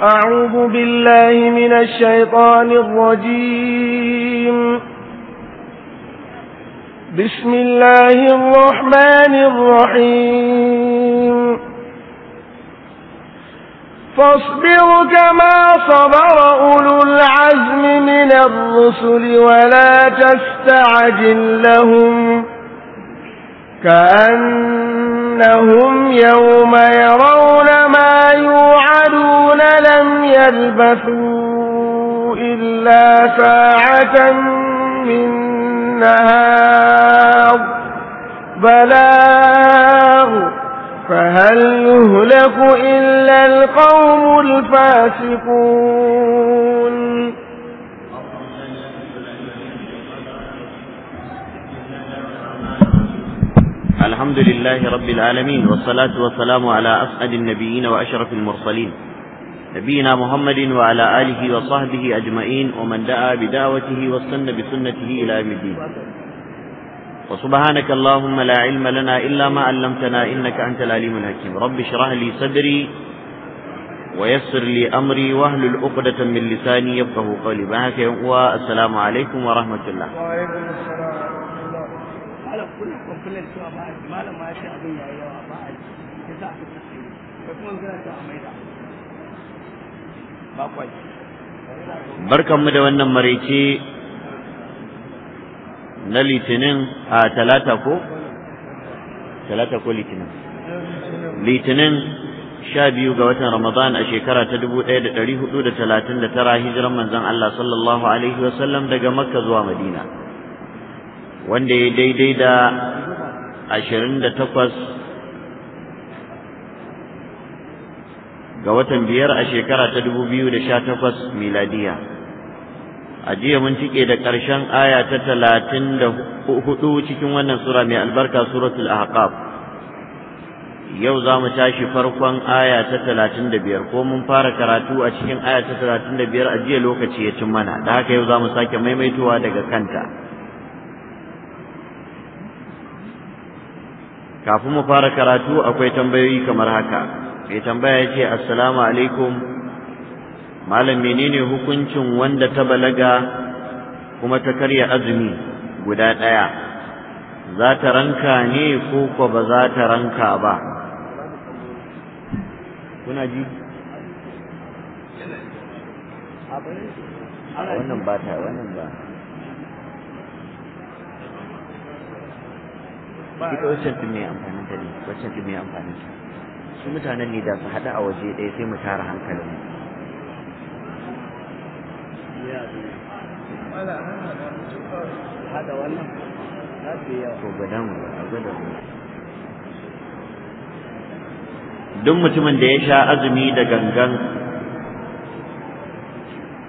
أعوذ بالله من الشيطان الرجيم بسم الله الرحمن الرحيم فاصبر كما صبر أولو العزم من الرسل ولا تستعجل لهم كأنهم يوم يرون ما يوعدون لم يلبثوا إلا ساعة من نهار بلاغ فهل يهلك إلا القوم الفاسقون الحمد لله رب العالمين والصلاة والسلام على أسعد النبيين وأشرف المرسلين نبينا محمد وعلى آله وصحبه أجمعين ومن دعا بدعوته واستنى بسنته إلى يوم الدين وسبحانك اللهم لا علم لنا إلا ما علمتنا إنك أنت العليم الحكيم رب اشرح لي صدري ويسر لي أمري وأهل العقدة من لساني يفقه قولي معك والسلام عليكم ورحمة الله وعليكم السلام ورحمة الله kullum cewa ba a malam ma abin yawa ba a ji ya kuma a maida ba da wannan maraice na litinin a talata ko talata ko litinin litinin sha biyu ga watan ramadan a shekara ta dubu ɗaya da ɗari hudu da talatin da tara hijiran manzon Allah sallallahu alaihi wasallam daga makka zuwa madina wanda ya daidai da ashirin da takwas ga watan biyar a shekara ta dubu biyu da sha takwas miladiya a jiya mun cike da ƙarshen aya ta talatin da hudu cikin wannan sura mai albarka suratul ahqaf yau za mu tashi farkon aya ta talatin da biyar ko mun fara karatu a cikin aya ta talatin da biyar a jiya lokaci ya cin mana da haka yau za mu sake maimaitowa daga kanta kafin mu fara karatu akwai tambayoyi kamar haka mai tambaya ce assalamu alaikum malam menene hukuncin wanda ta balaga kuma ta karya azumi guda ɗaya za ta ranka ne ko ko ba za ta ranka ba kuna ji wannan ba ta wannan ba ita waccan tun mai amfanin ta ne waccan tun mai amfanin ta su mutanen ne da su haɗu a waje ɗaya sai mu tara hankalin mu duk mutumin da ya sha azumi da gangan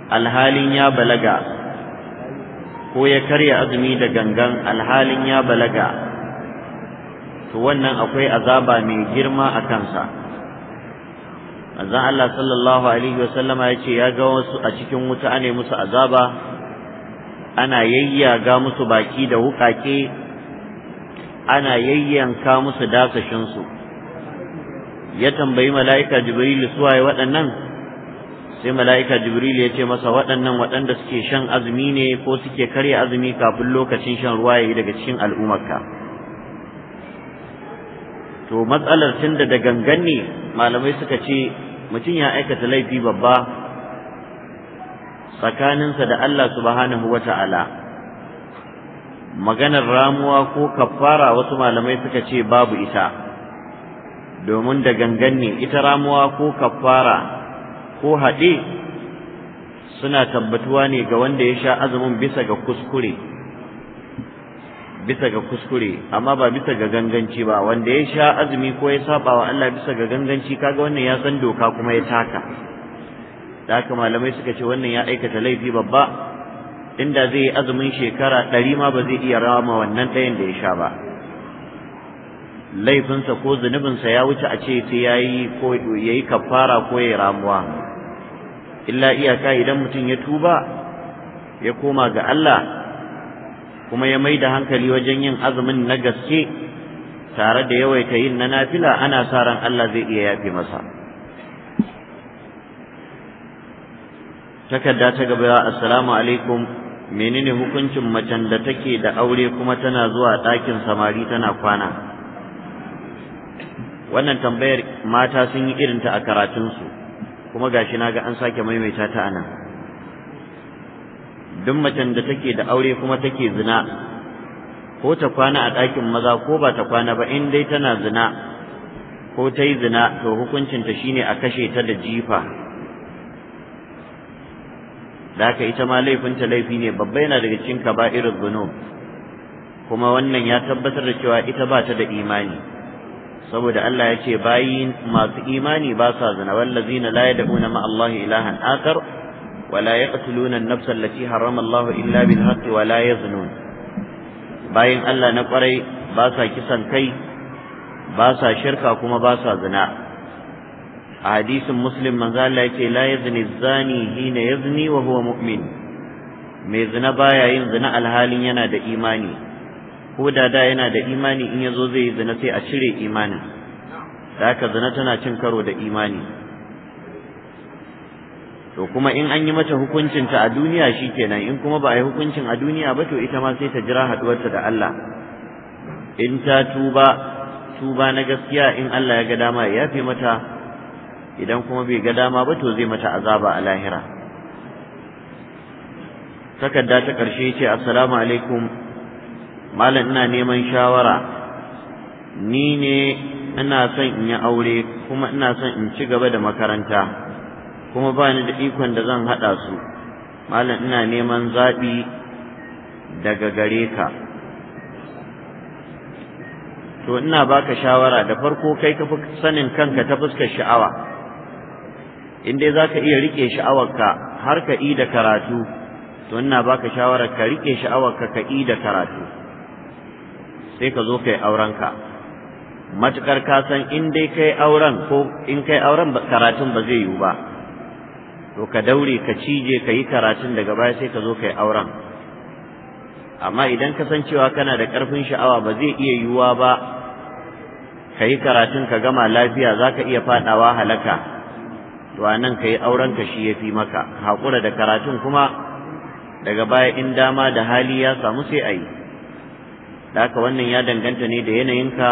alhalin ya balaga ko ya karya azumi da gangan alhalin ya balaga to wannan akwai azaba mai girma a kansa azan Allah sallallahu alaihi ya ce ya ga wasu a cikin wuta ne musu azaba ana yayyaga musu baki da wukake ana yayyanka musu dasashinsu ya tambayi mala'ika jibril waye waɗannan sai mala'ika jibril ya ce masa waɗannan waɗanda suke shan azumi ne ko suke karya azumi kafin lokacin shan ruwa ya yi daga cikin al'ummarka to matsalar tunda da gangan ne malamai suka ce mutum ya aikata laifi babba tsakaninsa da Allah subhanahu wa ta'ala maganar ramuwa ko kafara wasu malamai suka ce babu ita domin da gangan ne ita ramuwa ko kafara ko haɗe suna tabbatuwa ne ga wanda ya sha azumin bisa ga kuskure bisa ga kuskure amma ba bisa ga ganganci ba wanda ya sha azumi ko ya saba wa Allah bisa ga ganganci kaga wannan ya san doka kuma ya taka da haka malamai suka ce wannan ya aikata laifi babba inda zai yi azumin shekara ɗari ma ba zai iya rama wannan ɗayan da ya sha ba laifinsa ko zunubinsa ya wuce a ce sai ya yi ko ya yi kafara ko ya ramuwa illa iyaka idan mutum ya tuba ya koma ga Allah kuma ya mai da hankali wajen yin azumin na gaske tare da yawaita yin na nafila ana sa ran Allah zai iya yafe masa takarda ta gaba assalamu alaikum menene hukuncin macen da take da aure kuma tana zuwa ɗakin samari tana kwana wannan tambayar mata sun yi irinta a karatunsu kuma gashi na ga an sake maimaita ta anan duk macen da take da aure kuma take zina ko ta kwana a ɗakin maza ko ba ta kwana ba in dai tana zina ko ta yi zina to hukuncinta shine a kashe ta da jifa da haka ita ma laifinta laifi ne babba yana daga cikin kaba'irin zunub kuma wannan ya tabbatar da cewa ita ba ta da imani saboda Allah ya ce bayin masu imani ba sa zina wallazina la yad'una ma Allah ilahan akar ولا يقتلون النفس التي حرم الله إلا بالحق ولا يزنون bayan Allah na kwarai ba sa kisan kai ba sa shirka kuma ba sa zina a hadisin muslim manzo Allah yake la yazni zani hina yazni wa huwa mu'min mai zina baya yin zina alhalin yana da imani ko da da yana da imani in yazo zai yi zina sai a cire imanin da haka zina tana cin karo da imani to kuma in an yi mata hukuncin ta a duniya shi kenan, in kuma ba a yi hukuncin a duniya ba to ita ma sai ta jira haduwarta da Allah in ta tuba tuba na gaskiya in Allah ya ga dama ya yafe mata idan kuma bai ga dama ba to zai mata azaba a lahira takarda ta karshe ce assalamu alaikum malam ina neman shawara ni ne ina son in yi aure kuma ina son in ci gaba da makaranta kuma ba ni da ikon da zan haɗa su malam ina neman zaɓi daga gare ka to ina baka shawara da farko kai ka fi sanin kanka ta fuskar sha'awa in dai za ka iya riƙe sha'awarka har ka yi da karatu to ina baka shawara ka riƙe sha'awarka ka yi da karatu sai ka zo ka yi aurenka matukar ka san in dai kai auren ko in kai auren karatun ba zai yiwu ba to ka daure ka cije ka yi karatun daga baya sai ka zo ka yi auren amma idan ka san cewa kana da ƙarfin sha'awa ba zai iya yiwuwa ba ka yi karatun ka gama lafiya za ka iya faɗawa halaka to a nan ka yi auren ka shi ya fi maka haƙura da karatun kuma daga baya in dama da hali ya samu sai a yi da haka wannan ya danganta ne da yanayinka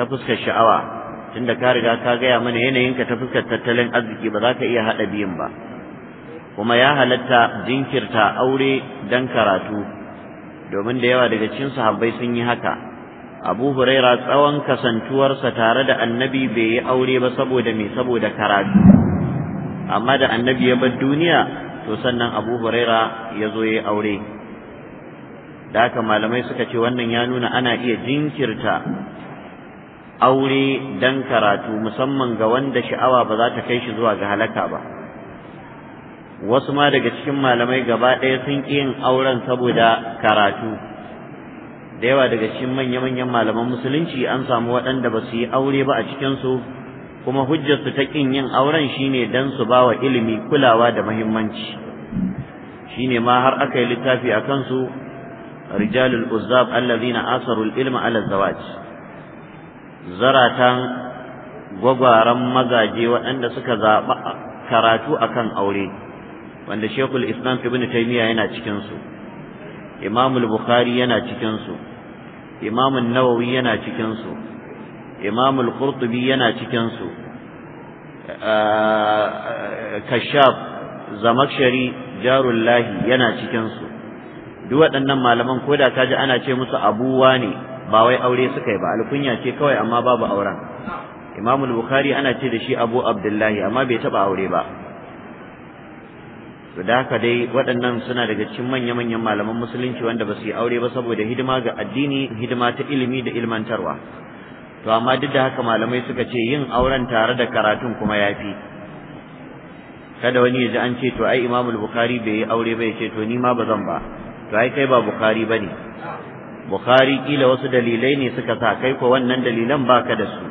ta fuskar sha'awa tunda ka riga ka gaya mana yanayinka ta fuskar tattalin arziki ba za ka iya haɗa biyun ba kuma ya halatta jinkirta aure dan karatu domin da yawa daga cikin sahabbai sun yi haka abu huraira tsawon kasantuwarsa tare da annabi bai yi aure ba saboda me saboda karatu amma da annabi ya bar duniya to sannan abu huraira ya zo ya yi aure da haka malamai suka ce wannan ya nuna ana iya jinkirta aure dan karatu musamman ga wanda sha'awa ba za ta kai shi zuwa ga halaka ba wasu ma daga cikin malamai gaba ɗaya sun ƙi yin auren saboda karatu da yawa daga cikin manya-manyan malaman musulunci an samu waɗanda ba su yi aure ba a cikinsu kuma hujjarsu ta ƙin yin auren shine dan su ba wa ilimi kulawa da muhimmanci shine ma har aka yi littafi a kansu rijalul uzzab allazina asarul ilma ala zawaj zaratan gwagwaran magaje waɗanda suka zaɓa karatu akan aure wanda shekul islam ibn taymiya yana cikin su bukhari yana cikin su nawawi yana cikin su imam qurtubi yana cikinsu. su kashaf zamakshari jarullahi yana cikinsu. su duk waɗannan malaman ko da kaji ana ce musu abuwa ne ba wai aure suka yi ba alkunya ce kawai amma babu auren Imam Bukhari ana ce da shi Abu Abdullahi amma bai taba aure ba to da haka dai waɗannan suna daga cikin manya-manyan malaman musulunci wanda ba su yi aure ba saboda hidima ga addini hidima ta ilimi da ilmantarwa to amma duk da haka malamai suka ce yin auren tare da karatun kuma yafi kada wani ya ji an ce to ai Imam Bukhari bai yi aure ba ya ce to ni ma ba zan ba to ai kai ba Bukhari bane bukhari kila wasu dalilai ne suka sa kai ko wannan dalilan baka da su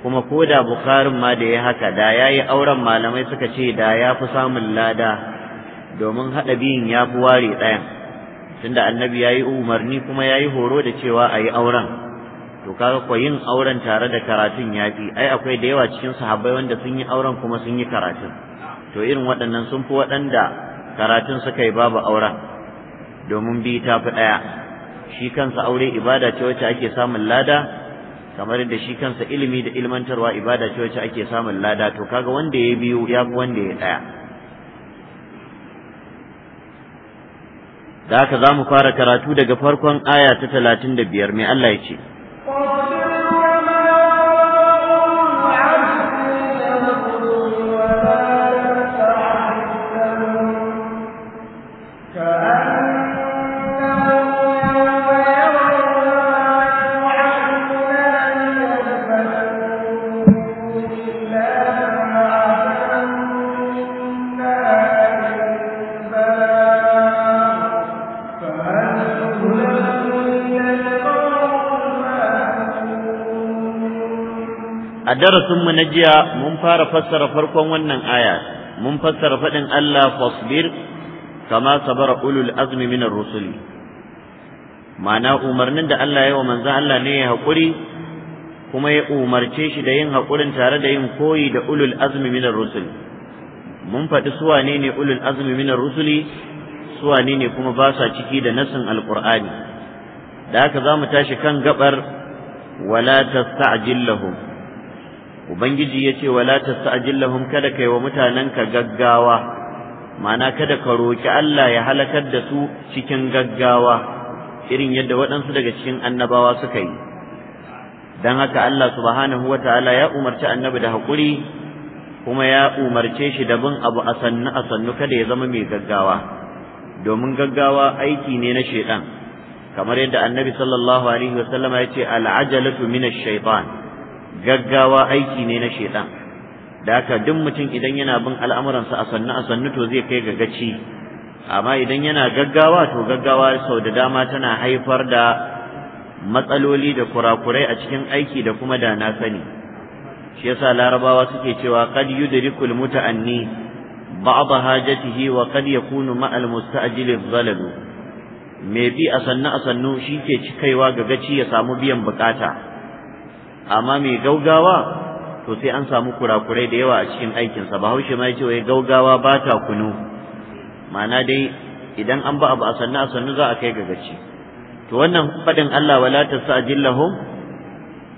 kuma ko da bukharin ma da ya haka da ya yi auren malamai suka ce da ya fi samun lada domin haɗa biyun ya fi ware ɗayan tunda annabi ya yi umarni kuma ya yi horo da cewa a yi auren to kaga ko yin auren tare da karatun ya fi ai akwai da yawa cikin sahabbai wanda sun yi auren kuma sun yi karatun to irin waɗannan sun fi waɗanda karatun suka yi babu auren domin biyu ta fi ɗaya shi kansa aure ibada ce wacce ake samun lada kamar da shi kansa ilimi da ilmantarwa ibada ce wacce ake samun lada to kaga wanda ya biyu ya fi wanda ya ɗaya da haka za mu fara karatu daga farkon aya ta talatin da biyar mai Allah ya ce darasin mu na jiya mun fara fassara farkon wannan aya mun fassara faɗin Allah fasbir kama sabara ulul azmi min ar-rusul ma'ana umarnin da Allah ya wa manzon Allah ne ya haƙuri kuma ya umarce shi da yin haƙurin tare da yin koyi da ulul azmi min ar-rusul mun faɗi su wane ne ulul azmi min ar-rusuli su wane ne kuma ba sa ciki da nasin al-qur'ani da haka za mu tashi kan gabar wala tasta'jil lahum ubangiji ya ce wala tasta'jil kada kai wa ka gaggawa mana kada ka roki Allah ya halakar da su cikin gaggawa irin yadda waɗansu daga cikin annabawa suka yi dan haka Allah subhanahu wataala ya umarci annabi da hakuri kuma ya umarce shi da bin abu a sannu a sannu kada ya zama mai gaggawa domin gaggawa aiki ne na shaitan kamar yadda annabi sallallahu alaihi wasallama ya ce al'ajalatu minash shaytan gaggawa aiki ne na shaitan da haka duk mutum idan yana bin al'amuransa a sannu a sannu to zai kai ga gaci amma idan yana gaggawa to gaggawa sau da dama tana haifar da matsaloli da kurakurai a cikin aiki da kuma da na sani shi yasa larabawa suke cewa qad yudrikul muta'anni ba'd hajatihi wa qad yakunu ma'al musta'jil zalalu me bi a sannu a sannu shi ke cikaiwa ga gaci ya samu biyan bukata amma mai gaugawa to sai an samu kurakurai da yawa a cikin aikinsa bahaushe ma yace wai gaugawa ba ta kunu ma'ana dai idan an ba abu a sannu a sannu za a kai ga gaci to wannan faɗin Allah wala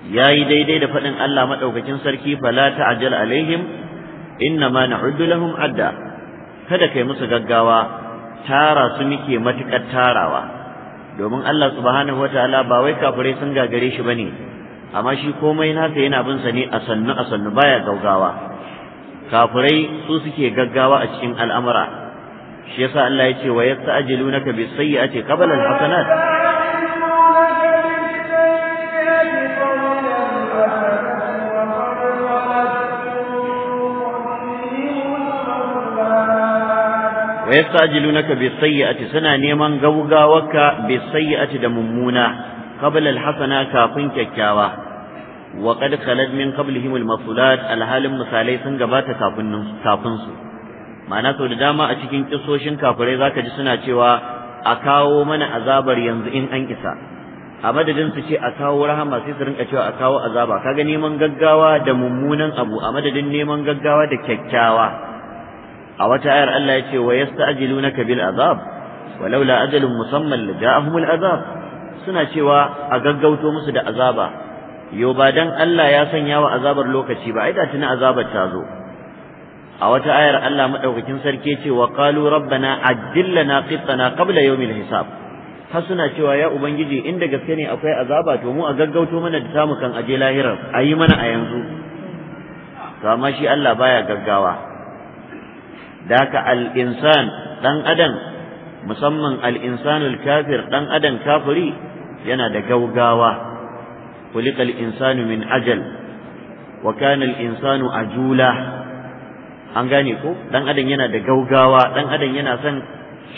ya yayi daidai da faɗin Allah madaukakin sarki fala ajal alaihim inna ma na'uddu lahum adda kada kai musu gaggawa tara su muke matukar tarawa domin Allah subhanahu wataala ba wai kafirai sun gagare shi bane amma shi komai nasa yana bin sa ne a sannu a sannu baya gaugawa kafirai su suke gaggawa a cikin al'amura shi yasa Allah ya ce wa yasta'jilunaka bis sayyi'ati qabla al hasanat wa yasta'jilunaka bis sayyi'ati suna neman gaugawarka bis sayyi'ati da mummuna qabla al-hasana kafin kyakkyawa wa qad min qablihim al-masulat alhalin misalai sun gabata kafin kafin ma'ana sau da dama a cikin kisoshin kafirai zaka ji suna cewa a kawo mana azabar yanzu in an isa a madadin ce a kawo rahama sai su rinka cewa a kawo azaba kaga neman gaggawa da mummunan abu a madadin neman gaggawa da kyakkyawa a wata ayar Allah ya ce wa yasta'jilunaka bil azab walaula ajalun musamman la ja'ahumul azab suna cewa a gaggauto musu da azaba yo ba dan Allah ya sanya wa azabar lokaci ba ai da tuni azabar ta zo a wata ayar Allah madaukakin sarki ce wa qalu rabbana ajil lana qitana qabla yawmil hisab har suna cewa ya ubangiji inda gaske ne akwai azaba to mu a gaggauto mana da samu kan aje lahirar ayi mana a yanzu to amma shi Allah baya gaggawa Daka al-insan dan adam musamman alinsanul kafir ɗan adam kafiri yana da gaugawa kulikal insanu min ajal wa kana al-insanu an gane ko Ɗan adam yana da gaugawa ɗan adam yana son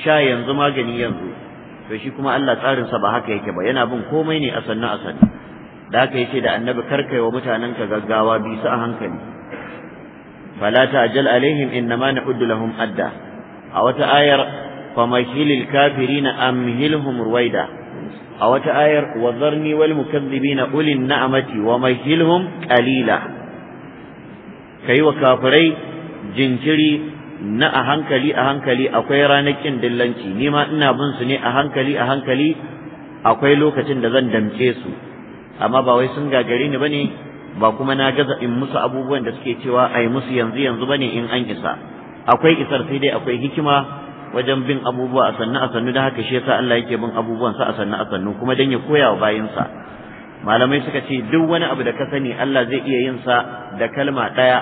sha yanzu magani yanzu to shi kuma Allah tsarinsa ba haka yake ba yana bin komai ne a sannu a sannu da haka yace da annabi karkai wa mutanen ka gaggawa bisu a hankali fala ta'jal alaihim innama nahuddu lahum adda a wata ayar famahilil na amhilhum ruwaida a wata ayar wa zarni wal na ulin na'amati wa mahilhum qalila kai wa kafirai jinkiri na a hankali a hankali akwai ranakin dillanci ni ma ina bin su ne a hankali a hankali akwai lokacin da zan damce su amma ba wai sun gagare ni bane ba kuma na gaza in musu abubuwan da suke cewa ai musu yanzu yanzu bane in an isa akwai isar sai dai akwai hikima wajen bin abubuwa a sannu a sannu da haka shi yasa Allah yake bin abubuwan sa a sannu a sannu kuma dan ya koya wa sa malamai suka ce duk wani abu da ka sani Allah zai iya yin sa da kalma daya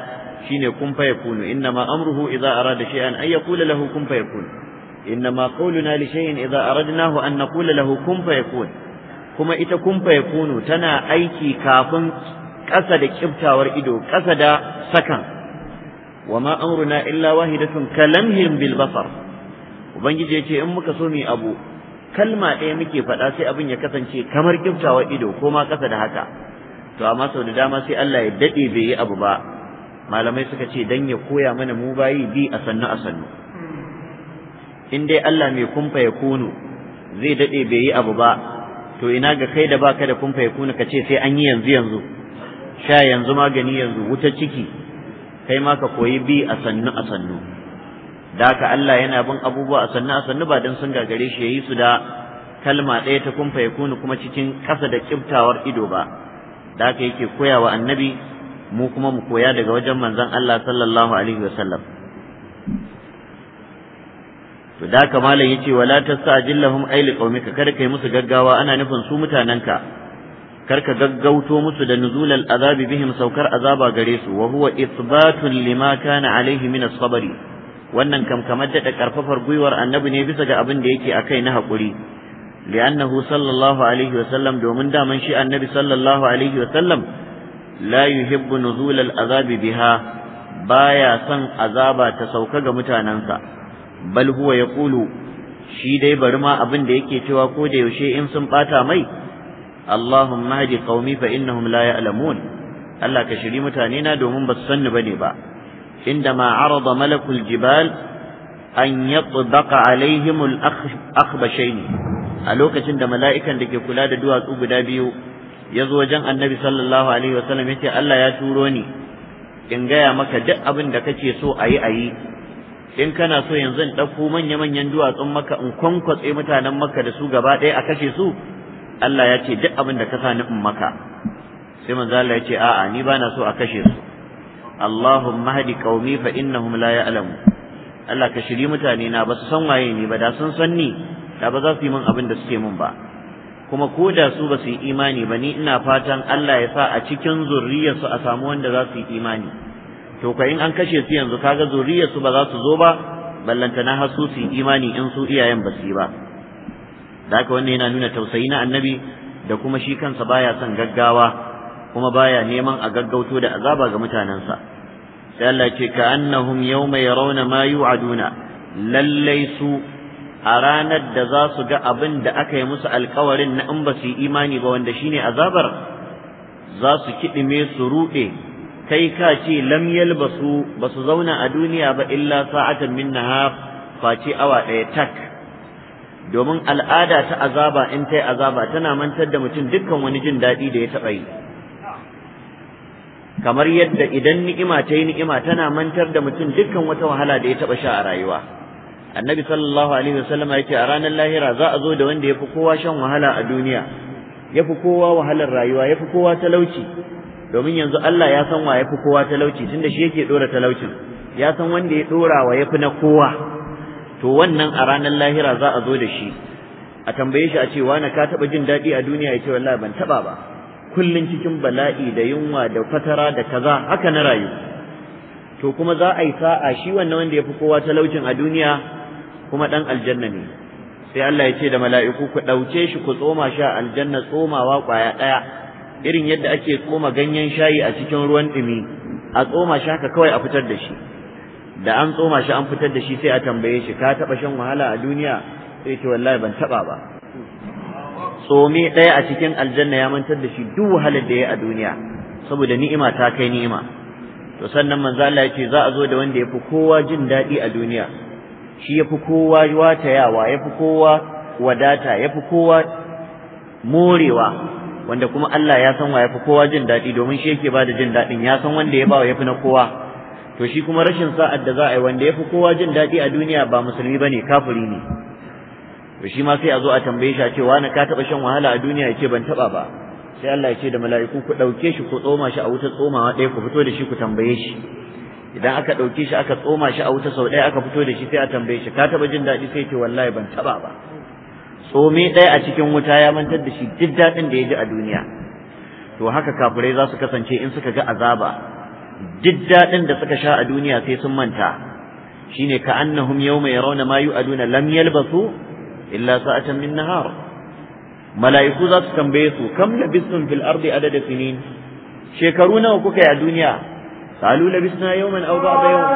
shine kun fa yakunu innama amruhu idza arada shay'an ay yaqula lahu kun fa yakun innama qawluna li shay'in idza aradnahu an naqula lahu kun fa yakun kuma ita kun fa yakunu tana aiki kafin kasa da kiftawar ido kasa da sakan وما أمرنا إلا واحدة كلمهم بالبصر ubangiji ya ce in muka so mu abu kalma ɗaya muke faɗa sai abin ya kasance kamar kiftawa ido ko ma ƙasa da haka to amma sau da dama sai Allah ya daɗe bai yi abu ba malamai suka ce dan ya koya mana mu bayi bi a sannu a sannu in dai Allah mai kumfa ya kunu zai daɗe bai yi abu ba to ina ga kai da baka da kumfa ya kunu ka ce sai an yi yanzu yanzu sha yanzu magani yanzu wuta ciki kai ma ka koyi bi a sannu a sannu da haka Allah yana bin abubuwa a sannu a sannu ba dan sun gagare shi yayi su da kalma ɗaya ta ya fayakunu kuma cikin ƙasa da kiftawar ido ba da haka yake koya wa annabi mu kuma mu koya daga wajen manzon Allah sallallahu alaihi wasallam to da haka malam yace wala tastajillahum ay liqaumika kada kai musu gaggawa ana nufin su mutananka ka gaggauto musu da nuzulal azabi bihim saukar azaba gare su wa huwa ithbatun lima kana alaihi min as-sabri wannan kam kamar da ƙarfafar gwiwar annabi ne bisa ga abin da yake akai na haƙuri li'annahu sallallahu alaihi wa sallam domin daman shi annabi sallallahu alaihi wa sallam la yuhibbu nuzul al biha baya son azaba ta sauka ga mutanansa bal huwa yaqulu shi dai bari ma abin da yake cewa ko da yaushe in sun bata mai Allahumma hadi qaumi fa innahum la ya'lamun Allah ka shiri mutane na domin ba su sanni bane ba عندما عرض ملك الجبال أن يطبق عليهم الأخبشين da عند ملائكة لكي كلا دوا تؤب دابيو يزوجا النبي صلى الله عليه وسلم يتي ألا turo ni, in gaya maka duk abin da kake so a yi a yi in kana so yanzu in ɗauko manya-manyan duwatsun maka in kwankwatse mutanen maka da su gaba ɗaya a kashe su Allah ya ce duk abin da ka sa in maka a'a ni bana so a kashe su Allahumma hadi قومي fa لا la alamu. Allah ka shiri mutane na ba su san waye ni ba da sun san ni da ba za su yi min abin da suke min ba kuma ko da su ba su yi imani ba ni ina fatan Allah ya sa a cikin su a samu wanda za su yi imani to ka in an kashe su yanzu kaga zurriyarsu ba za su zo ba ballantana har su yi imani in su iyayen ba su yi ba da haka wannan yana nuna tausayi na annabi da kuma shi kansa baya son gaggawa kuma baya neman a gaggauto da azaba ga mutanensa sai Allah ce ka annahum yawma yarawna ma yu'aduna lallai su a ranar da za su ga abin da aka yi musu alkawarin na in ba su yi imani ba wanda shine azabar za su kiɗime su ruɗe kai ka ce lam yalbasu ba su zauna a duniya ba illa sa'atan min nahar face awa ɗaya tak domin al'ada ta azaba in ta yi azaba tana mantar da mutum dukkan wani jin daɗi da ya taɓa yi kamar yadda idan ni'ima ta yi ni'ima tana mantar da mutum dukkan wata wahala da ya taba sha a rayuwa annabi sallallahu alaihi wasallam ce a ranar lahira za a zo da wanda yafi kowa shan wahala a duniya yafi kowa wahalar rayuwa yafi kowa talauci domin yanzu Allah ya san wa yafi kowa talauci tunda shi yake dora talaucin ya san wanda ya dora wa yafi na kowa to wannan a ranar lahira za a zo da shi a tambaye shi a ce na ka taba jin daɗi a duniya ya ce wallahi ban taba ba Kullum cikin bala'i da yunwa da fatara da kaza haka na rayu to kuma za a yi sa'a shi wannan wanda ya fi kowa talaucin a duniya kuma ɗan aljanna ne sai Allah ya ce da mala'iku ku ɗauke shi ku tsoma shi a aljanna tsomawa ƙwaya ɗaya irin yadda ake tsoma ganyen shayi a cikin ruwan ɗumi a tsoma shi haka kawai a fitar da shi da an tsoma shi an fitar da shi sai a tambaye shi ka taɓa shan wahala a duniya sai ce wallahi ban taɓa ba tsome ɗaya a cikin aljanna ya mantar da shi duk wahalar da ya a duniya saboda ni'ima ta kai ni'ima to sannan manzo Allah yace za a zo da wanda yafi kowa jin daɗi a duniya shi yafi kowa watayawa yafi kowa wadata yafi kowa morewa wanda kuma Allah ya san wa yafi kowa jin daɗi domin shi yake bada jin daɗin ya san wanda ya bawa yafi na kowa to shi kuma rashin sa'ad da za a yi wanda yafi kowa jin daɗi a duniya ba musulmi bane kafiri ne to shi ma sai a zo a tambaye shi a ce wani ka taɓa shan wahala a duniya ya ce ban taɓa ba sai Allah ya ce da mala'iku ku ɗauke shi ku tsoma shi a wuta tsomawa ɗaya ku fito da shi ku tambaye shi idan aka ɗauke shi aka tsoma shi a wuta sau ɗaya aka fito da shi sai a tambaye shi ka taɓa jin daɗi sai ce wallahi ban taɓa ba tsome ɗaya a cikin wuta ya mantar da shi duk daɗin da ya ji a duniya to haka kafirai za su kasance in suka ga azaba duk daɗin da suka sha a duniya sai sun manta shine ka annahum yawma yarawna ma yu'aduna lam yalbasu إلا ساعة من نهار ملايك ذات كم بيسو كم لبثتم في الأرض عدد سنين شكرونا وكوكا يا دنيا قالوا لبسنا يوما أو بعض يوم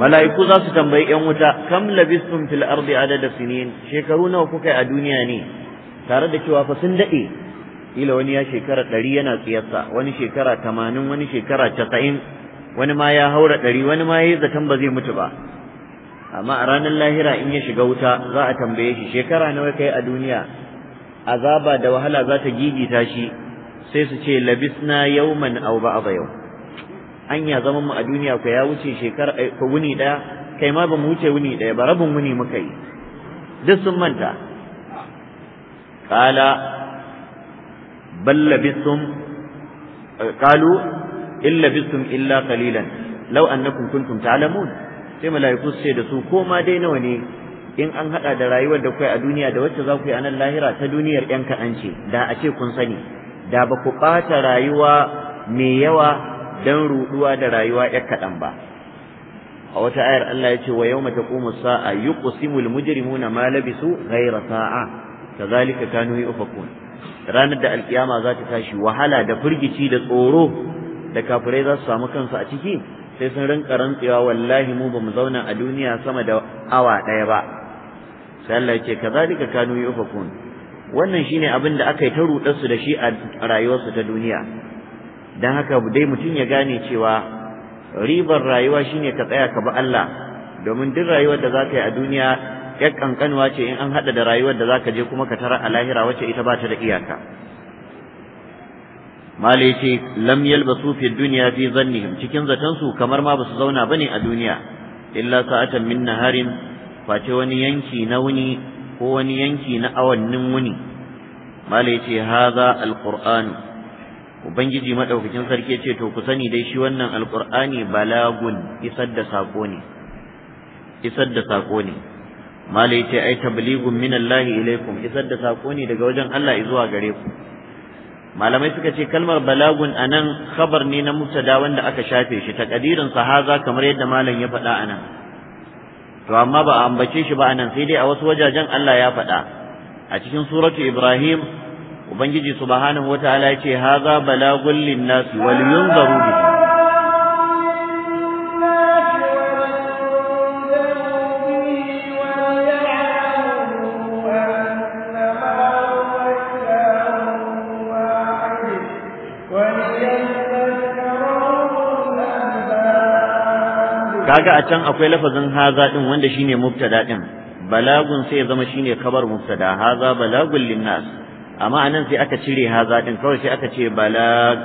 mala'iku za su tambayi yan wuta kam labistum fil ardi adada sinin shekaru nawa kuka a duniya ne tare da cewa fa sun dade ila wani ya shekara ɗari yana tsiyarsa wani shekara tamanin wani shekara casa'in wani ma ya haura ɗari wani ma ya yi zaton ba zai mutu ba amma a ranar lahira in ya shiga wuta za a tambaye shi shekara nawa kai a duniya azaba da wahala za ta gigita shi sai su ce labisna yauman aw ba'da yau anya zaman mu a duniya ku ya wuce shekara eh, ku wuni daya kai ma ba mu wuce wuni daya ba rabin wuni muka yi duk sun manta qala bal labistum eh, qalu in illa qalilan law annakum kuntum ta'lamun sai malaiku su ce da su ko ma dai nawa ne in an hada da rayuwar da kai a duniya da wacce za ku yi a nan lahira ta duniyar yan kaɗan da a ce kun sani da ba ku ɓata rayuwa mai yawa dan ruduwa da rayuwa ya kaɗan ba a wata ayar Allah ya ce wa yawma taqumu sa'a yuqsimul mujrimuna ma labisu ghayra sa'a kadhalika kanu yufakun ranar da alkiyama za ta tashi wahala da firgici da tsoro da kafirai za su samu kansu a ciki sai sun rinka rantsewa wallahi mu bamu zauna a duniya sama da awa ɗaya ba sai Allah ya ce kanu yufakun wannan shine abin da aka yi ta rudar da shi a rayuwarsu ta duniya dan haka dai mutum ya gane cewa ribar rayuwa shine ka tsaya ka bi Allah domin duk rayuwar da za ka yi a duniya yar kankanuwa ce in an haɗa da rayuwar da za ka je kuma ka tara a lahira wacce ita ba ta da iyaka mali lamyal lam yalbasu fi dunya fi zannihim cikin zaton su kamar ma basu zauna bane a duniya illa sa'atan min naharin face wani yanki na wuni ko wani yanki na awannin wuni mali ce haza alqur'anu ubangiji madaukakin sarki ce to ku sani dai shi wannan alqur'ani balagun isar da sako ne isar da sako ne mala yace ai tablighun minallahi ilaikum isar da sako ne daga wajen Allah zuwa gare ku malamai suka ce kalmar balagun anan khabar ne na mubtada wanda aka shafe shi takadirin sahaza kamar yadda malam ya faɗa anan to amma ba a ambace shi ba anan sai dai a wasu wajajen Allah ya faɗa a cikin suratu Ibrahim ubangiji subhanahu wataala yace haza balagul linnasi wal yunzaru bihi kaga a can akwai lafazin haza din wanda shine mubtada din balagun sai ya zama shine kabar mubtada haza balagun linnas amma anan sai aka cire haza din kawai sai aka ce balag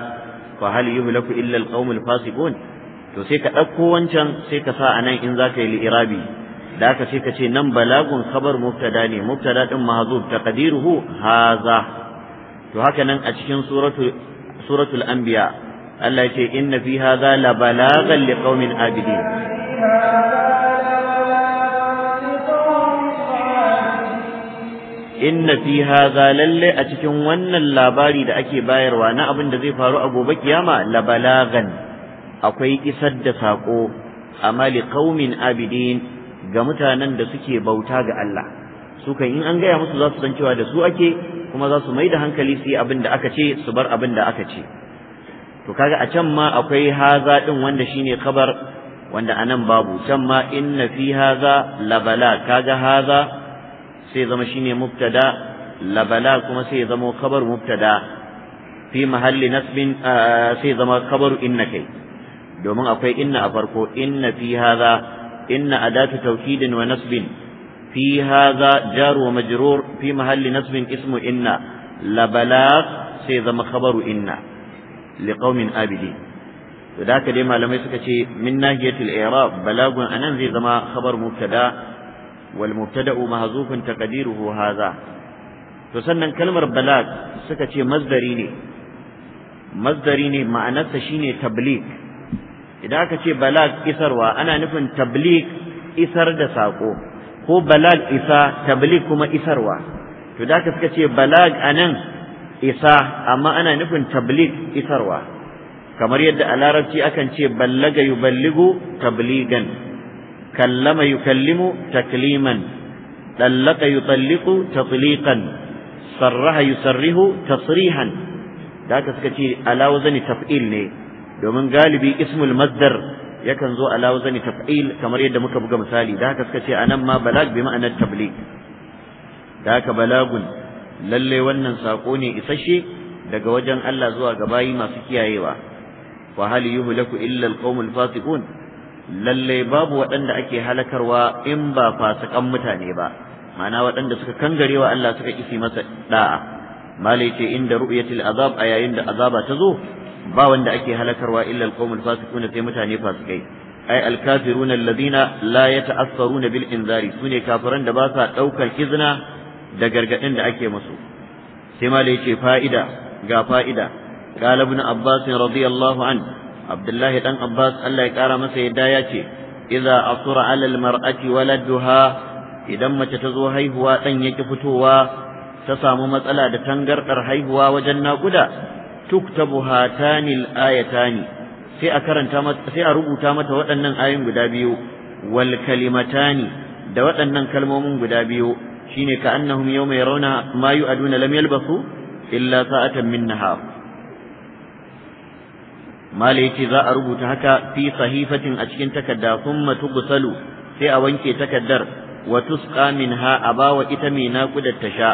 fa hal yuhlaku illa alqaumul fasiqun to sai ka ɗauko wancan sai ka sa anan in zaka yi li'irabi da aka sai ka ce nan balagun khabar mubtada ne mubtada din mahzub taqdiruhu haza to haka nan a cikin suratul suratul anbiya Allah ya ce inna fi hadha la balagan liqaumin abidin inna fi hadha lalle a cikin wannan labari da ake bayarwa na abin da zai faru a gobe kiyama la balagan akwai isar da sako amma li qaumin abidin ga mutanen da suke bauta ga Allah su kan in an gaya musu za su san cewa da su ake kuma za su mai da hankali su yi abin da aka ce su bar abin da aka ce to kaga a can ma akwai haza din wanda shine khabar wanda anan babu can ma inna fi haza labala kaga haza سيزم شيني مبتدا لبلا كما سيزم خبر مبتدا في محل نسب آه، سيزم خبر إنك دوما أقول إن أفرقو إن في هذا إن أداة توكيد ونسب في هذا جار ومجرور في محل نسب اسم إن لبلاغ سيزم خبر إن لقوم آبدين ذاك لما لم يسكت من ناحيه الإعراب بلاغ ان زي زما خبر مبتدأ wal mubtada'u mahzufun taqdiruhu hadha to sannan kalmar balag suka ce masdari ne masdari ne ma'anarsa shine tabligh Ida aka ce balag isarwa ana nufin tabligh isar da sako ko balag isa tabligh kuma isarwa to da aka suka ce balag a nan isa amma ana nufin tabligh isarwa kamar yadda a larabci akan ce ballaga yuballigu tabligan كلم يكلم تكليما طلق يطلق تطليقا صرح يصره تصريحا ذاك سكتي على وزن تفعيل ني قال بي اسم المصدر يكن زو على وزن تفعيل كما يد مكا بوغا مثالي ذاك سكتي انا ما بلاغ بمعنى التبليغ ذاك بلاغ للي ونن ساقوني اسشي isasshe وجن wajen Allah zuwa ga bayi masu kiyayewa fa hal yuhlaku illa lallai babu waɗanda ake halakarwa in ba fasikan mutane ba ma'ana waɗanda suka wa Allah suka isi masa da'a malai ce inda ru'yatil azab a yayin da azaba ta zo ba wanda ake halakarwa illa alqawmul fasiquna sai mutane fasikai ai alkafiruna alladhina la yata'assaruna bil inzari sune kafiran da ba sa daukar izina da gargadin da ake musu sai malai ce fa'ida ga fa'ida قال ابن عباس رضي الله عنه abdullahi dan abbas Allah ya kara masa yadda ya ce idza asura alal mar'ati waladuha idan mace ta zo haihuwa dan yake fitowa ta samu matsala da tangardar haihuwa wajen nakuda tuktabu hatanil ayatani sai a karanta mata sai a rubuta mata waɗannan ayoyin guda biyu wal kalimatani da waɗannan kalmomin guda biyu shine ka annahum yawma yarawna ma yu'aduna lam yalbasu illa sa'atan min nahar mala yace za a rubuta haka fi sahifatin a cikin takarda thumma tughsalu sai a wanke takaddar wa tusqa minha abawa ita mai naqudar ta sha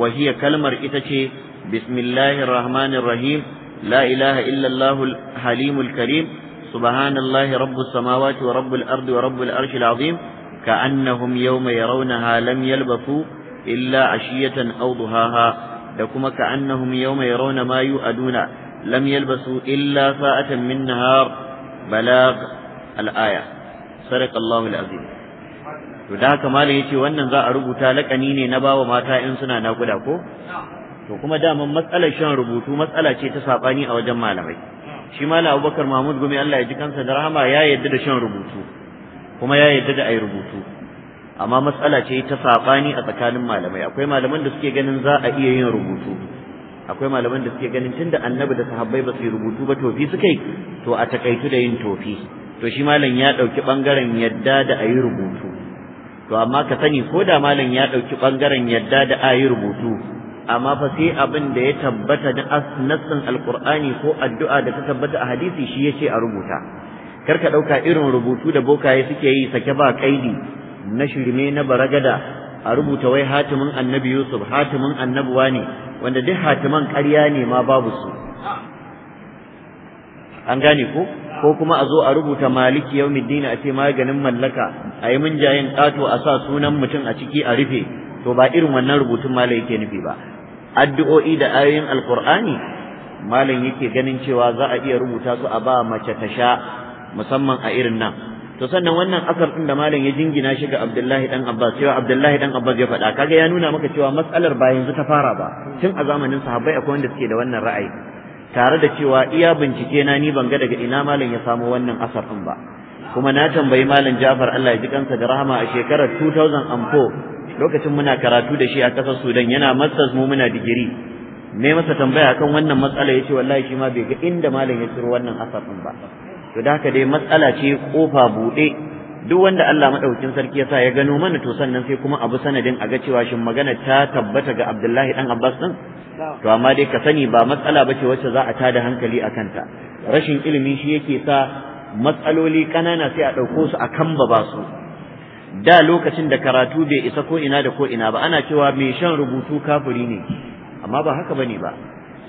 wa hiya kalmar ita ce bismillahir rahmanir rahim la ilaha illa allahul halimul karim subhanallahi rabbus samawati wa rabbul ardi wa rabbul arshil azim كأنهم يوم يرونها لم يلبثوا إلا عشية أو ضحاها لكما كأنهم يوم يرون ما يؤدون لم يلبسوا إلا ساعة من نهار بلاغ الآية صدق الله العظيم to da haka malam yace wannan za a rubuta lakani ne na bawa mata in suna nakuda ko to kuma daman matsalar shan rubutu matsala ce ta sabani a wajen malamai shi malam Abubakar Mahmud gumi Allah ya ji kansa da rahama ya yarda da shan rubutu kuma ya yarda da ayi rubutu amma matsala ce ta sabani a tsakanin malamai akwai malaman da suke ganin za a iya yin rubutu akwai malaman da suke ganin tunda annabi da sahabbai ba su yi rubutu ba tofi suka yi to a takaitu da yin tofi to shi malam ya ɗauki ɓangaren yadda da a yi rubutu to amma ka sani ko da malam ya ɗauki ɓangaren yadda da a yi rubutu amma fa sai abin da ya tabbata da nassin alkur'ani ko addu'a da ta tabbata a hadisi shi yace a rubuta kar ka ɗauka irin rubutu da bokaye suke yi sake ba kaidi na shirme na baragada a rubuta wai hatimin annabi yusuf hatimin annabuwa ne wanda duk hatiman ƙarya ne ma babu su an gane ko ko kuma a zo a rubuta maliki yawmiddin a ce maganin mallaka a yi jayin ƙato a sa sunan mutum a ciki a rufe to ba irin wannan rubutun malam yake nufi ba addu'o'i da ayoyin alqur'ani malam yake ganin cewa za a iya rubuta su a ba mace ta sha musamman a irin nan to sannan wannan asar din da malam ya jingina shi ga Abdullahi dan Abbas cewa Abdullahi dan Abbas ya faɗa kaga ya nuna maka cewa matsalar ba yanzu ta fara ba tun a zamanin sahabbai akwai wanda suke da wannan ra'ayi tare da cewa iya bincike na ni ban ga daga ina malam ya samu wannan asar din ba kuma na tambayi malam Jafar Allah ya ji kansa da rahama a shekarar 2004 lokacin muna karatu da shi a kasar Sudan yana masters mu muna digiri ne masa tambaya akan wannan matsala yace wallahi shi ma bai ga inda malam ya tsiro wannan asar din ba to da haka dai matsala ce kofa buɗe duk wanda Allah maɗaukin sarki ya sa ya gano mana to sannan sai kuma abu sanadin a ga cewa shin magana ta tabbata ga Abdullahi dan Abbas din to amma dai ka sani ba matsala bace wacce za a tada hankali akan ta rashin ilimi shi yake sa matsaloli kanana sai a ɗauko su a kamba ba su da lokacin da karatu bai isa ko ina da ko ina ba ana cewa mai shan rubutu kafiri ne amma ba haka bane ba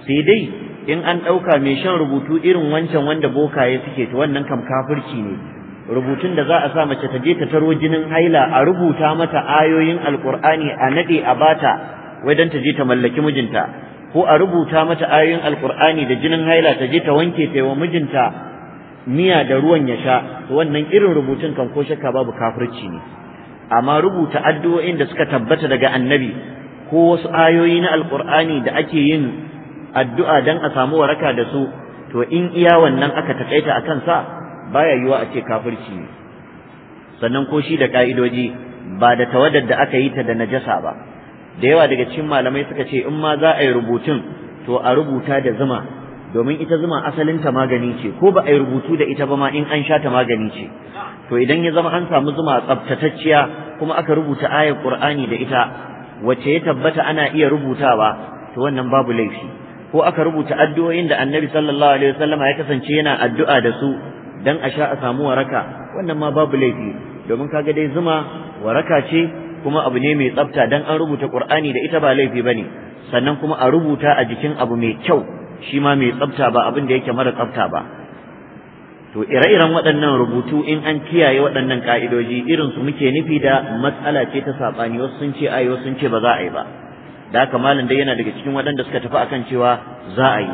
sai dai in an ɗauka mai shan rubutu irin wancan wanda boka ya suke to wannan kam kafirci ne rubutun da za a sa mace ta je ta taro jinin haila a rubuta mata ayoyin alkur'ani a naɗe a bata wajen ta je ta mallaki mijinta ko a rubuta mata ayoyin alkur'ani da jinin haila ta je ta wanke ta wa mijinta miya da ruwan ya sha wannan irin rubutun kan ko shakka babu kafirci ne amma rubuta addu'o'in da suka tabbata daga annabi ko wasu ayoyi na alkur'ani da ake yin addu'a dan a samu waraka da su to in iya wannan aka takaita akan sa baya yiwa a ce kafirci ne sannan ko shi da ka'idoji ba da tawadar da aka yi ta da najasa ba da yawa daga cikin malamai suka ce in ma za a yi rubutun to a rubuta da zuma domin ita zuma asalinta magani ce ko ba a yi rubutu da ita ba ma in an sha ta magani ce to idan ya zama an samu zuma tsaftatacciya kuma aka rubuta ayar qur'ani da ita wacce ya tabbata ana iya rubutawa to wannan babu laifi ko aka rubuta addu'o'in da annabi sallallahu alaihi wasallama ya kasance yana addu'a da su dan a sha a samu waraka wannan ma babu laifi domin kaga dai zuma waraka ce kuma abu ne mai tsafta dan an rubuta qur'ani da ita ba laifi bane sannan kuma a rubuta a jikin abu mai kyau shi ma mai tsafta ba abin da yake mara tsafta ba to ire-iren waɗannan rubutu in an kiyaye waɗannan ka'idoji irin su muke nufi da matsala ce ta sabani wasu sun ce ai sun ce ba za a yi ba da haka malam dai yana daga cikin waɗanda suka tafi akan cewa za a yi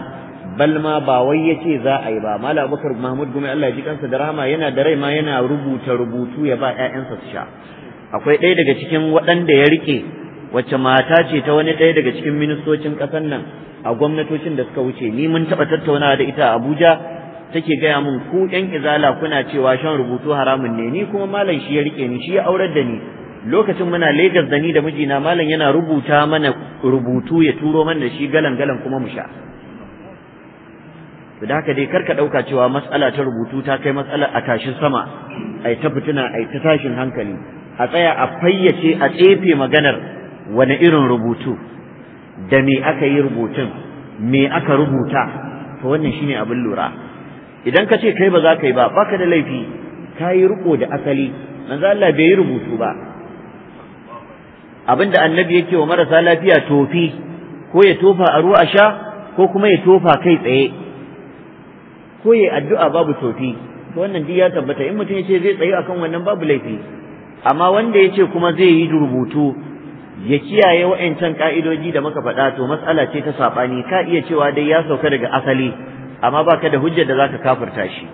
bal ba wai yace za a yi ba malam abubakar mahmud gumi allah ji kansa da rahama yana da rai ma yana rubuta rubutu ya ba ƴaƴansa su sha akwai ɗaya daga cikin waɗanda ya rike wacce mata ce ta wani ɗaya daga cikin ministocin ƙasar nan a gwamnatocin da suka wuce ni mun taɓa tattaunawa da ita a abuja take gaya mun ku ƴan izala kuna cewa shan rubutu haramun ne ni kuma malam shi ya rike ni shi ya aurar da ni lokacin muna Legas da ni da mijina malam yana rubuta mana rubutu ya turo mana da shi galan galan kuma mu sha to da haka dai karka dauka cewa matsala ta rubutu ta kai matsalar a tashin sama ai ta fituna, ai ta tashin hankali a tsaya a fayyace a tsefe maganar wani irin rubutu da me aka yi rubutun me aka rubuta to wannan shine abin lura idan ka ce kai ba za ka yi ba baka da laifi ka yi riko da asali manzo Allah bai yi rubutu ba Abin da annabi yake wa marasa lafiya tofi ko ya tofa a ruwa sha ko kuma ya tofa kai tsaye ko ya addu'a babu tofi to wannan duk ya tabbata in mutum yace zai tsaye akan wannan babu laifi amma wanda yace kuma zai yi rubutu ya kiyaye wa'ancan ka'idoji da muka faɗa to matsala ce ta saɓani ka iya cewa dai ya sauka daga asali amma baka da hujjar da zaka kafirta shi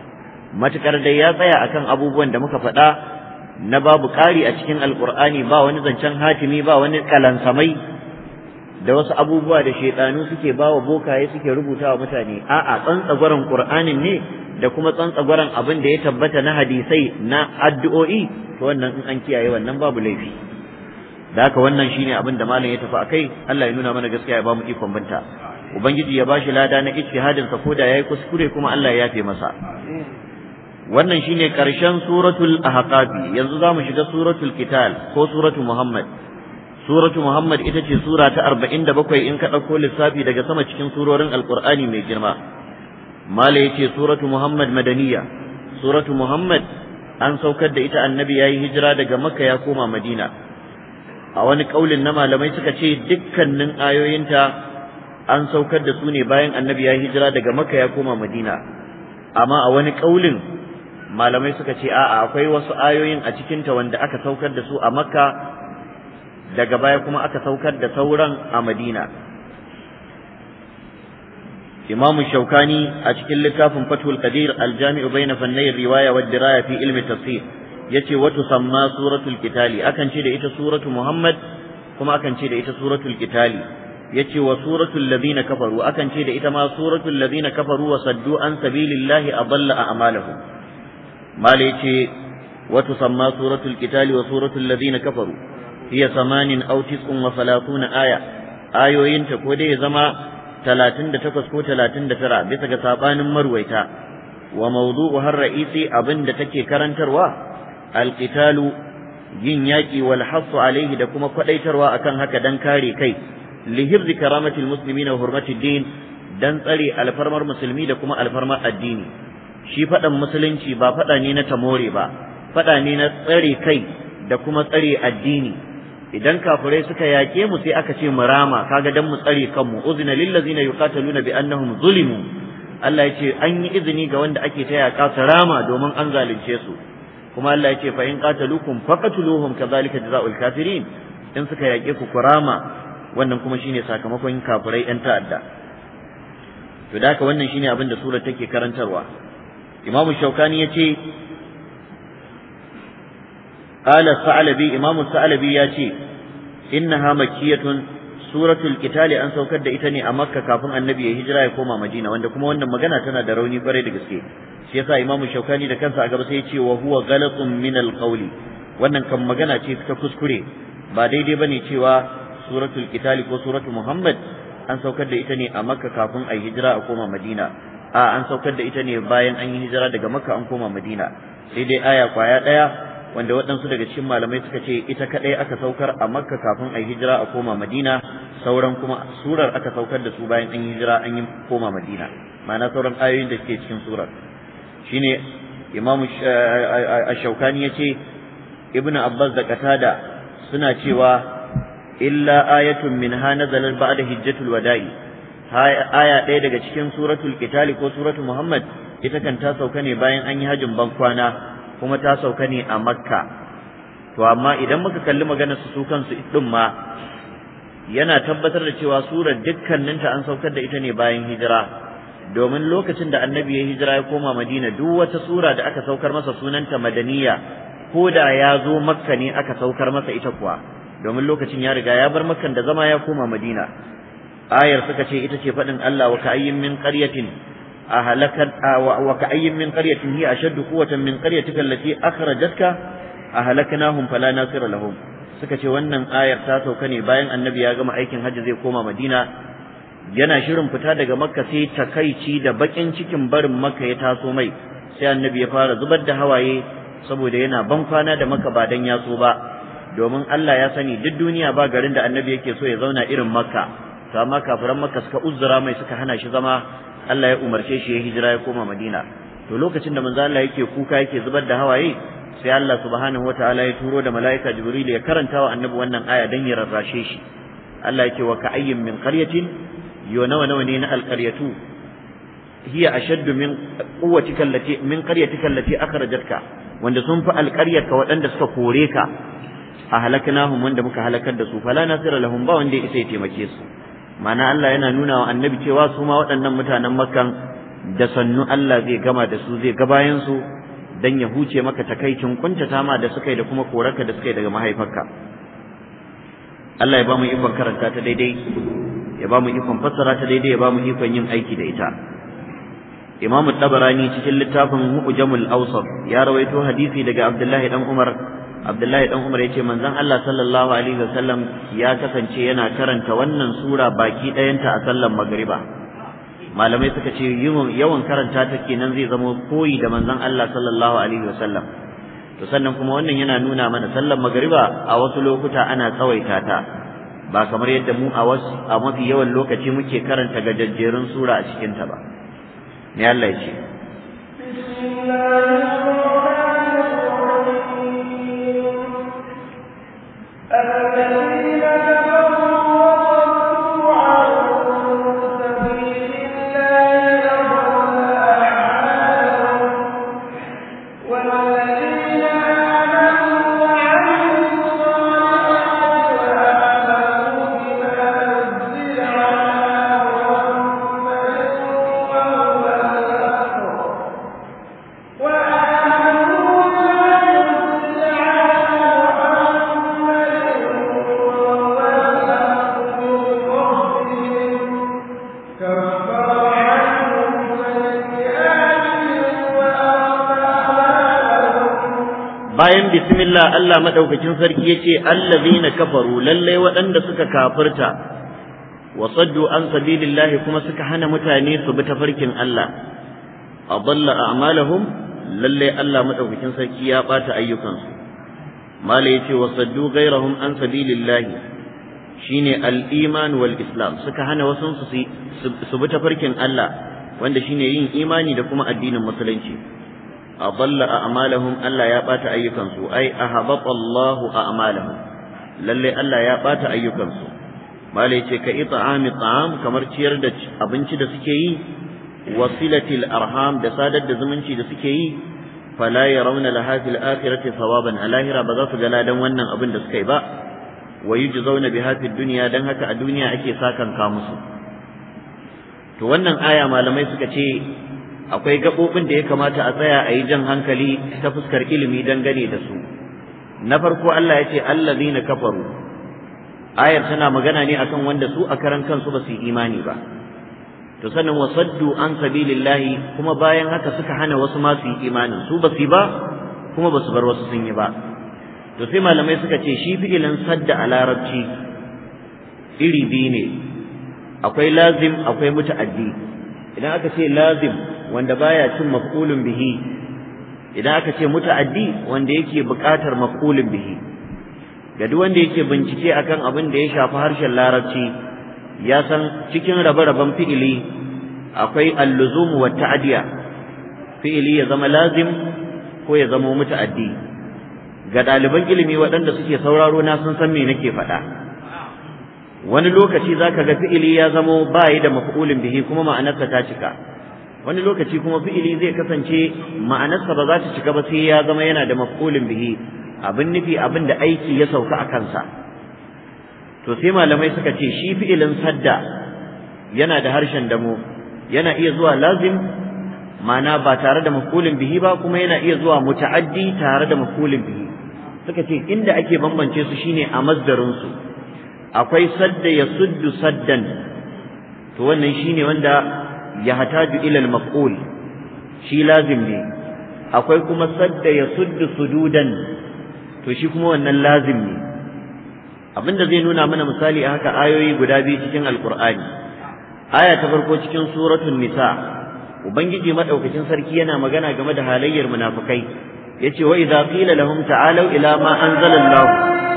matukar dai ya tsaya akan abubuwan da muka faɗa na babu ƙari a cikin alkur'ani ba wani zancen hatimi ba wani kalansamai da wasu abubuwa da shaidanu suke ba wa bokaye suke rubuta wa mutane a'a tsantsagwaron qur'anin ne da kuma tsantsagwaron abin da ya tabbata na hadisai na addu'o'i to wannan in an kiyaye wannan babu laifi da haka wannan shine abin da malam ya tafi akai Allah ya nuna mana gaskiya ya ba mu ikon binta ubangiji ya bashi lada na ijtihadin sa koda yayi kuskure kuma Allah ya yafe masa wannan shine karshen suratul ahqabi yanzu zamu shiga suratul kital ko suratul muhammad suratu muhammad ita ce sura ta 47 in ka dauko lissafi daga sama cikin surorin alqur'ani mai girma mala yace suratu muhammad madaniya suratu muhammad an saukar da ita annabi yayi hijira daga makka ya koma madina a wani kaulin na malamai suka ce dukkanin ayoyinta an saukar da su ne bayan annabi ya hijira daga makka ya koma madina amma a wani kaulin malamai suka ce a'a akwai wasu ayoyin a cikinta wanda aka saukar da su a makka daga baya kuma aka saukar da sauran a madina imamu shaukani a cikin littafin fathul qadir aljami'u baina fannay riwaya wa diraya fi ilmi tafsir yace wa tusamma suratul qitali akan ce da ita suratu muhammad kuma akan ce da ita suratul qitali yace wa suratul ladina kafaru akan ce da ita ma suratul ladina kafaru wa saddu an sabilillahi adalla a'malahum malai ce wata samma suratul kitali wa suratul ladina kafaru hiya samanin aw tis'un wa salatuna aya ayoyinta ko dai ya zama 38 ko 39 bisa ga sabanin marwaita wa mawdu'u har ra'isi abinda take karantarwa Alkitalu, yin yaki wal hasu alaihi da kuma kwadaitarwa akan haka dan kare kai li hifzi karamatil muslimina wa hurmatid din dan tsare alfarmar musulmi da kuma alfarmar addini shi faɗan musulunci ba faɗa ne na tamore ba faɗa ne na tsare kai da kuma tsare addini idan kafirai suka yaƙe mu sai aka ce mu rama kaga dan mu tsare kanmu uzina lil ladzina yuqataluna bi annahum zulimu Allah ya ce an yi izini ga wanda ake taya yaƙa su rama domin an zalunce su kuma Allah ya ce fa in qatalukum faqatuluhum kadhalika jazaa'ul kafirin in suka yaƙe ku ku rama wannan kuma shine sakamakon kafirai yan ta'adda to da haka wannan shine abin da sura take karantarwa imamu shaukani ya ce ƙala sa'alabi imamu sa'alabi ya ce innaha makkiyatun suratul qitali an saukar da ita ne a makka kafin annabi ya hijira ya koma madina wanda kuma wannan magana tana da rauni kwarai da gaske shi yasa imamu shaukani da kansa a gaba sai ya ce wa huwa ghalatun min wannan kan magana ce ta kuskure ba daidai bane cewa suratul kitali ko suratul muhammad an saukar da ita ne a makka kafin a hijira a koma madina a an saukar da ita ne bayan an yi hijira daga makka an koma madina sai dai aya kwaya ɗaya wanda waɗansu daga cikin malamai suka ce ita kaɗai aka saukar a makka kafin a hijira a koma madina sauran kuma surar aka saukar da su bayan an yi hijira an yi koma madina ma'ana sauran ayoyin da suke cikin surar shine imam eh, eh, ash-shawkani yace ibnu abbas da katada suna cewa illa ayatun minha nazalat ba'da hijjatul wada'i aya ɗaya daga cikin suratul kitali ko suratul muhammad ita kan ta sauka ne bayan an yi hajjin ban kwana kuma ta sauka ne a makka to amma idan muka kalli maganar su kansu din ma yana tabbatar da cewa surar dukkaninta an saukar da ita ne bayan hijira domin lokacin da annabi ya hijira ya koma madina duk wata sura da aka saukar masa sunanta madaniya ko da ya zo makka ne aka saukar masa ita kuwa domin lokacin ya riga ya bar makkan da zama ya koma madina ayar suka ce ita ce faɗin Allah wa ka'ayyin min qaryatin ahlakat wa ka'ayyin min qaryatin hiya ashaddu quwwatan min qaryatika allati akhrajatka ahlaknahum fala nasira lahum suka ce wannan ayar ta sauka ne bayan annabi ya gama aikin hajji zai koma Madina yana shirin fita daga makka sai takaici da bakin cikin barin makka ya taso mai sai annabi ya fara zubar da hawaye saboda yana ban kwana da makka ba dan yaso ba domin Allah ya sani duk duniya ba garin da annabi yake so ya zauna irin makka to amma kafiran makka suka uzura mai suka hana shi zama Allah ya umarce shi ya hijira ya koma madina to lokacin da manzo Allah yake kuka yake zubar da hawaye sai Allah subhanahu wataala ya turo da mala'ika jibril ya karanta wa annabi wannan aya dan ya rarrashe shi Allah yake wa ka'ayyin min qaryatin yo nawa nawa ne na alqaryatu hiya ashaddu min quwwatika allati min qaryatika allati akhrajatka wanda sun fi alqaryarka waɗanda suka kore ka a halaknahum wanda muka halakar da su fala nasira lahum ba wanda ya isa ya taimake su ma'ana Allah yana nuna wa annabi cewa su ma waɗannan mutanen makan da sannu Allah zai gama da su zai ga bayan su dan ya huce maka takaicin ta ma da suka yi da kuma korarka da suka yi daga mahaifarka Allah ya ba mu ikon karanta ta daidai ya ba mu ikon fassara ta daidai ya ba mu ikon yin aiki da ita Imam Tabarani cikin littafin Mu'jamul Awsat ya rawaito hadisi daga Abdullahi dan Umar abdullahi dan umar yace manzon Allah sallallahu alaihi wasallam ya kasance yana karanta wannan sura baki dayanta a sallar magriba malamai suka ce yawan karanta ta kenan zai zama koyi da manzon Allah sallallahu alaihi wasallam to sannan kuma wannan yana nuna mana sallar magriba a wasu lokuta ana tsawaita ta ba kamar yadda mu a wasu a mafi yawan lokaci muke karanta gajajjerun sura a cikin ta ba ne Allah ya ce أَمَّنْ bismillah Allah madaukakin sarki yace allazina kafaru lallai waɗanda suka kafirta wa an sabilillahi kuma suka hana mutane su bi tafarkin Allah adalla a'malahum lallai Allah madaukakin sarki ya bata ayyukansu mala yace wa saddu ghairahum an sabilillahi shine al-iman wal islam suka hana wasu su su bi tafarkin Allah wanda shine yin imani da kuma addinin musulunci adalla a'malahum Allah ya bata ayyukansu ai ahabata Allahu a'malahum lalle Allah ya bata ayyukansu malai ce ka it'ami ta'am kamar ciyar da abinci da suke yi wasilatil arham da sadar da zumunci da suke yi fala yarawna laha fil akhirati thawaban alahira ba za su ga ladan wannan abin da suka yi ba wa yujzauna biha fid dunya dan haka a duniya ake sakan ka musu to wannan aya malamai suka ce akwai gaɓoɓin da ya kamata a tsaya a yi jan hankali ta fuskar ilimi dangane da su na farko Allah ya ce Allah na kafaru ayar tana magana ne akan wanda su a karan kansu ba su imani ba to sanin wasaddu an sabilillahi kuma bayan haka suka hana wasu masu su yi imanin su ba su ba kuma ba su bar wasu sun yi ba to sai malamai suka ce shi fi'ilin sadda a larabci iri biyu ne akwai lazim akwai muta'addi idan aka ce lazim wanda baya cin maf'ulun bihi idan aka ce muta'addi wanda yake buƙatar maf'ulun bihi ga duk wanda yake bincike akan abin da ya shafi harshen larabci ya san cikin rabe-raben fi'ili akwai alluzum wa ta'diya fi'ili ya zama lazim ko ya zama muta'addi ga ɗaliban ilimi waɗanda suke sauraro na sun san me nake faɗa wani lokaci zaka ga fi'ili ya zamo bayi da mafkulin bihi kuma ma'anarsa ta cika wani lokaci kuma fi'ili zai kasance ma'anarsa ba za ta cika ba sai ya zama yana da mafkulin bihi abin nufi abin da aiki ya sauka a kansa to sai malamai suka ce shi fi'ilin sadda yana da harshen damo yana iya zuwa lazim ma'ana ba tare da mafkulin bihi ba kuma yana iya zuwa muta'addi tare da mafkulin bihi suka ce inda ake bambance su shine a masdarin akwai sadda ya suddu saddan to wannan shine wanda yahtaju ila al-maf'ul shi lazim ne akwai kuma sadda yasuddu sududan to shi kuma wannan lazim ne abinda zai nuna mana misali a haka ayoyi guda biyu cikin alqur'ani aya ta farko cikin suratul nisa ubangiji madaukakin sarki yana magana game da halayyar munafikai yace wa idza qila lahum ta'alu ila ma anzala Allah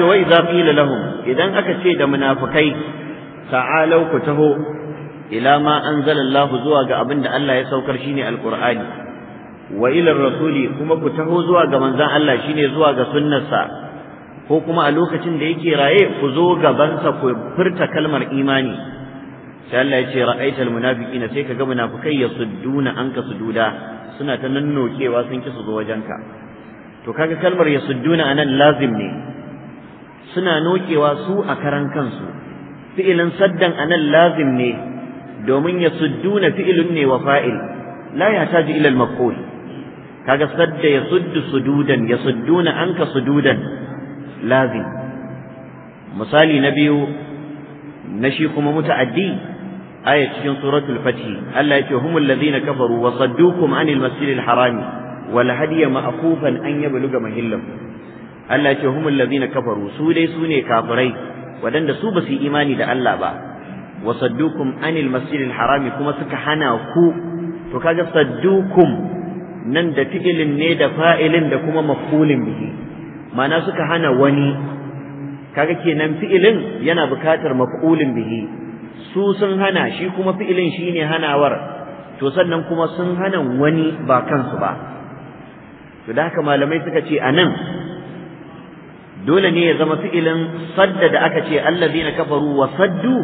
ce za idza qila lahum idan aka ce da munafukai ta'alau ku taho ila ma anzalallahu zuwa ga abin da Allah ya saukar shine alqur'ani wa ila rasuli kuma ku taho zuwa ga manzon Allah shine zuwa ga sunnarsa ko kuma a lokacin da yake raye ku zo gabansa ku furta kalmar imani sai Allah ya ce ra'aital munafiqina sai kaga munafikai yasudduna anka sududa suna ta nannokewa sun ki su zo wajenka to kaga kalmar yasudduna anan lazim ne suna nokewa su a karan kansu fi'ilin saddan anan lazim ne domin ya sudduna fi'ilun ne wa fa'il la yahtaji ila al-maf'ul kaga sadda ya suddu sududan ya sudduna anka sududan lazim misali na biyu na shi kuma muta'addi aya cikin suratul fathi Allah yake humul ladina kafaru wa saddukum anil masjidil harami wal hadiya ma'kufan an yabluga mahillahu Allah ce humul ladina kafaru su dai su ne kafirai waɗanda su ba su yi imani da Allah ba wa saddukum anil masjidil harami kuma suka hana ku to kaga saddukum nan da fi'ilin ne da fa'ilin da kuma maf'ulin bihi ma'ana suka hana wani kaga kenan fi'ilin yana bukatar maf'ulin bihi su sun hana shi kuma fi'ilin shine hanawar to sannan kuma sun hana wani ba kansu ba to da haka malamai suka ce anan dole ne ya zama fi'ilin sadda da aka ce allazina kafaru wa saddu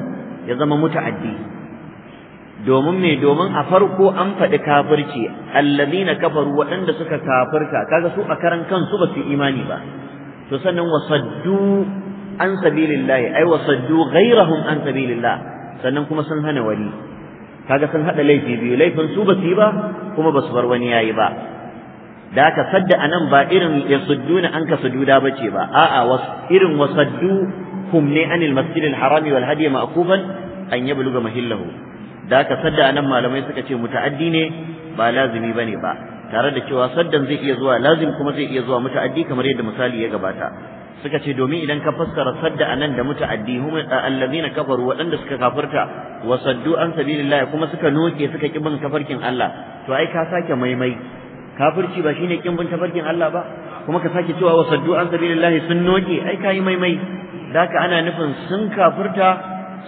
ya zama muta'addi domin me domin a farko an faɗi kafirci allazina kafaru waɗanda suka kafirta kaga su a karan kansu ba su imani ba to sannan wa saddu an sabilillah ai wa saddu ghairahum an sabilillah sannan kuma sun hana wani kaga sun hada laifi biyu laifin su ba su yi ba kuma ba su bar wani yayi ba da haka sadda anan ba irin ya sudduna an ka sududa bace ba a'a irin wasaddu hum ne anil masjidil harami wal hadi ma'kufan an yabluga mahillahu da haka sadda anan malamai suka ce muta'addi ne ba lazimi bane ba tare da cewa saddan zai iya zuwa lazim kuma zai iya zuwa muta'addi kamar yadda misali ya gabata suka ce domin idan ka fassara sadda anan da muta'addi hum allazina kafaru waɗanda suka kafirta wasaddu an sabilillah kuma suka noke suka ki bin kafarkin Allah to ai ka sake maimai kafirci ba shine kin bin tafarkin Allah ba kuma ka sake cewa wasaddu an sabilillahi sun noke ai kai maimai. mai daka ana nufin sun kafirta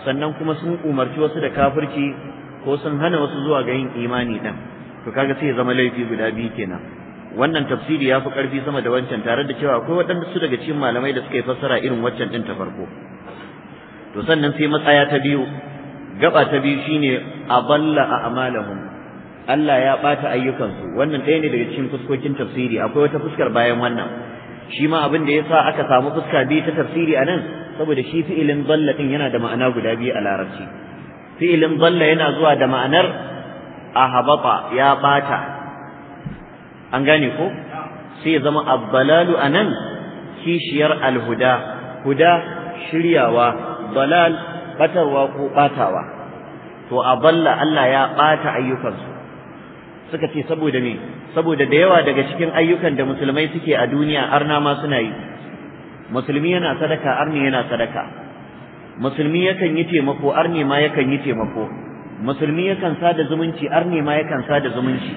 sannan kuma sun umarci wasu da kafirci ko sun hana wasu zuwa ga yin imani din to kaga sai zama laifi guda biyu kenan wannan tafsiri ya fi ƙarfi sama da wancan tare da cewa akwai waɗanda su daga cikin malamai da suka yi fassara irin waccan ɗin ta farko to sannan sai matsaya ta biyu gaba ta biyu shine aballa a amalahum Allah ya ɓata ayyukansu wannan ɗaya ne daga cikin fuskokin tafsiri akwai wata fuskar bayan wannan shi ma abin da ya sa aka samu fuska biyu ta tafsiri a nan saboda shi fi'ilin zalla ɗin yana da ma'ana guda biyu a larabci fi'ilin zalla yana zuwa da ma'anar ahabata ya ɓata an gane ko sai ya zama abbalalu a nan kishiyar alhuda huda shiryawa balal batarwa ko ɓatawa to a balla Allah ya ɓata ayyukansu suka ce saboda me saboda da yawa daga cikin ayyukan da musulmai suke a duniya arna ma suna yi musulmi yana sadaka arni yana sadaka musulmi yakan yi taimako arni ma yakan yi taimako musulmi yakan sada zumunci arni ma yakan sada zumunci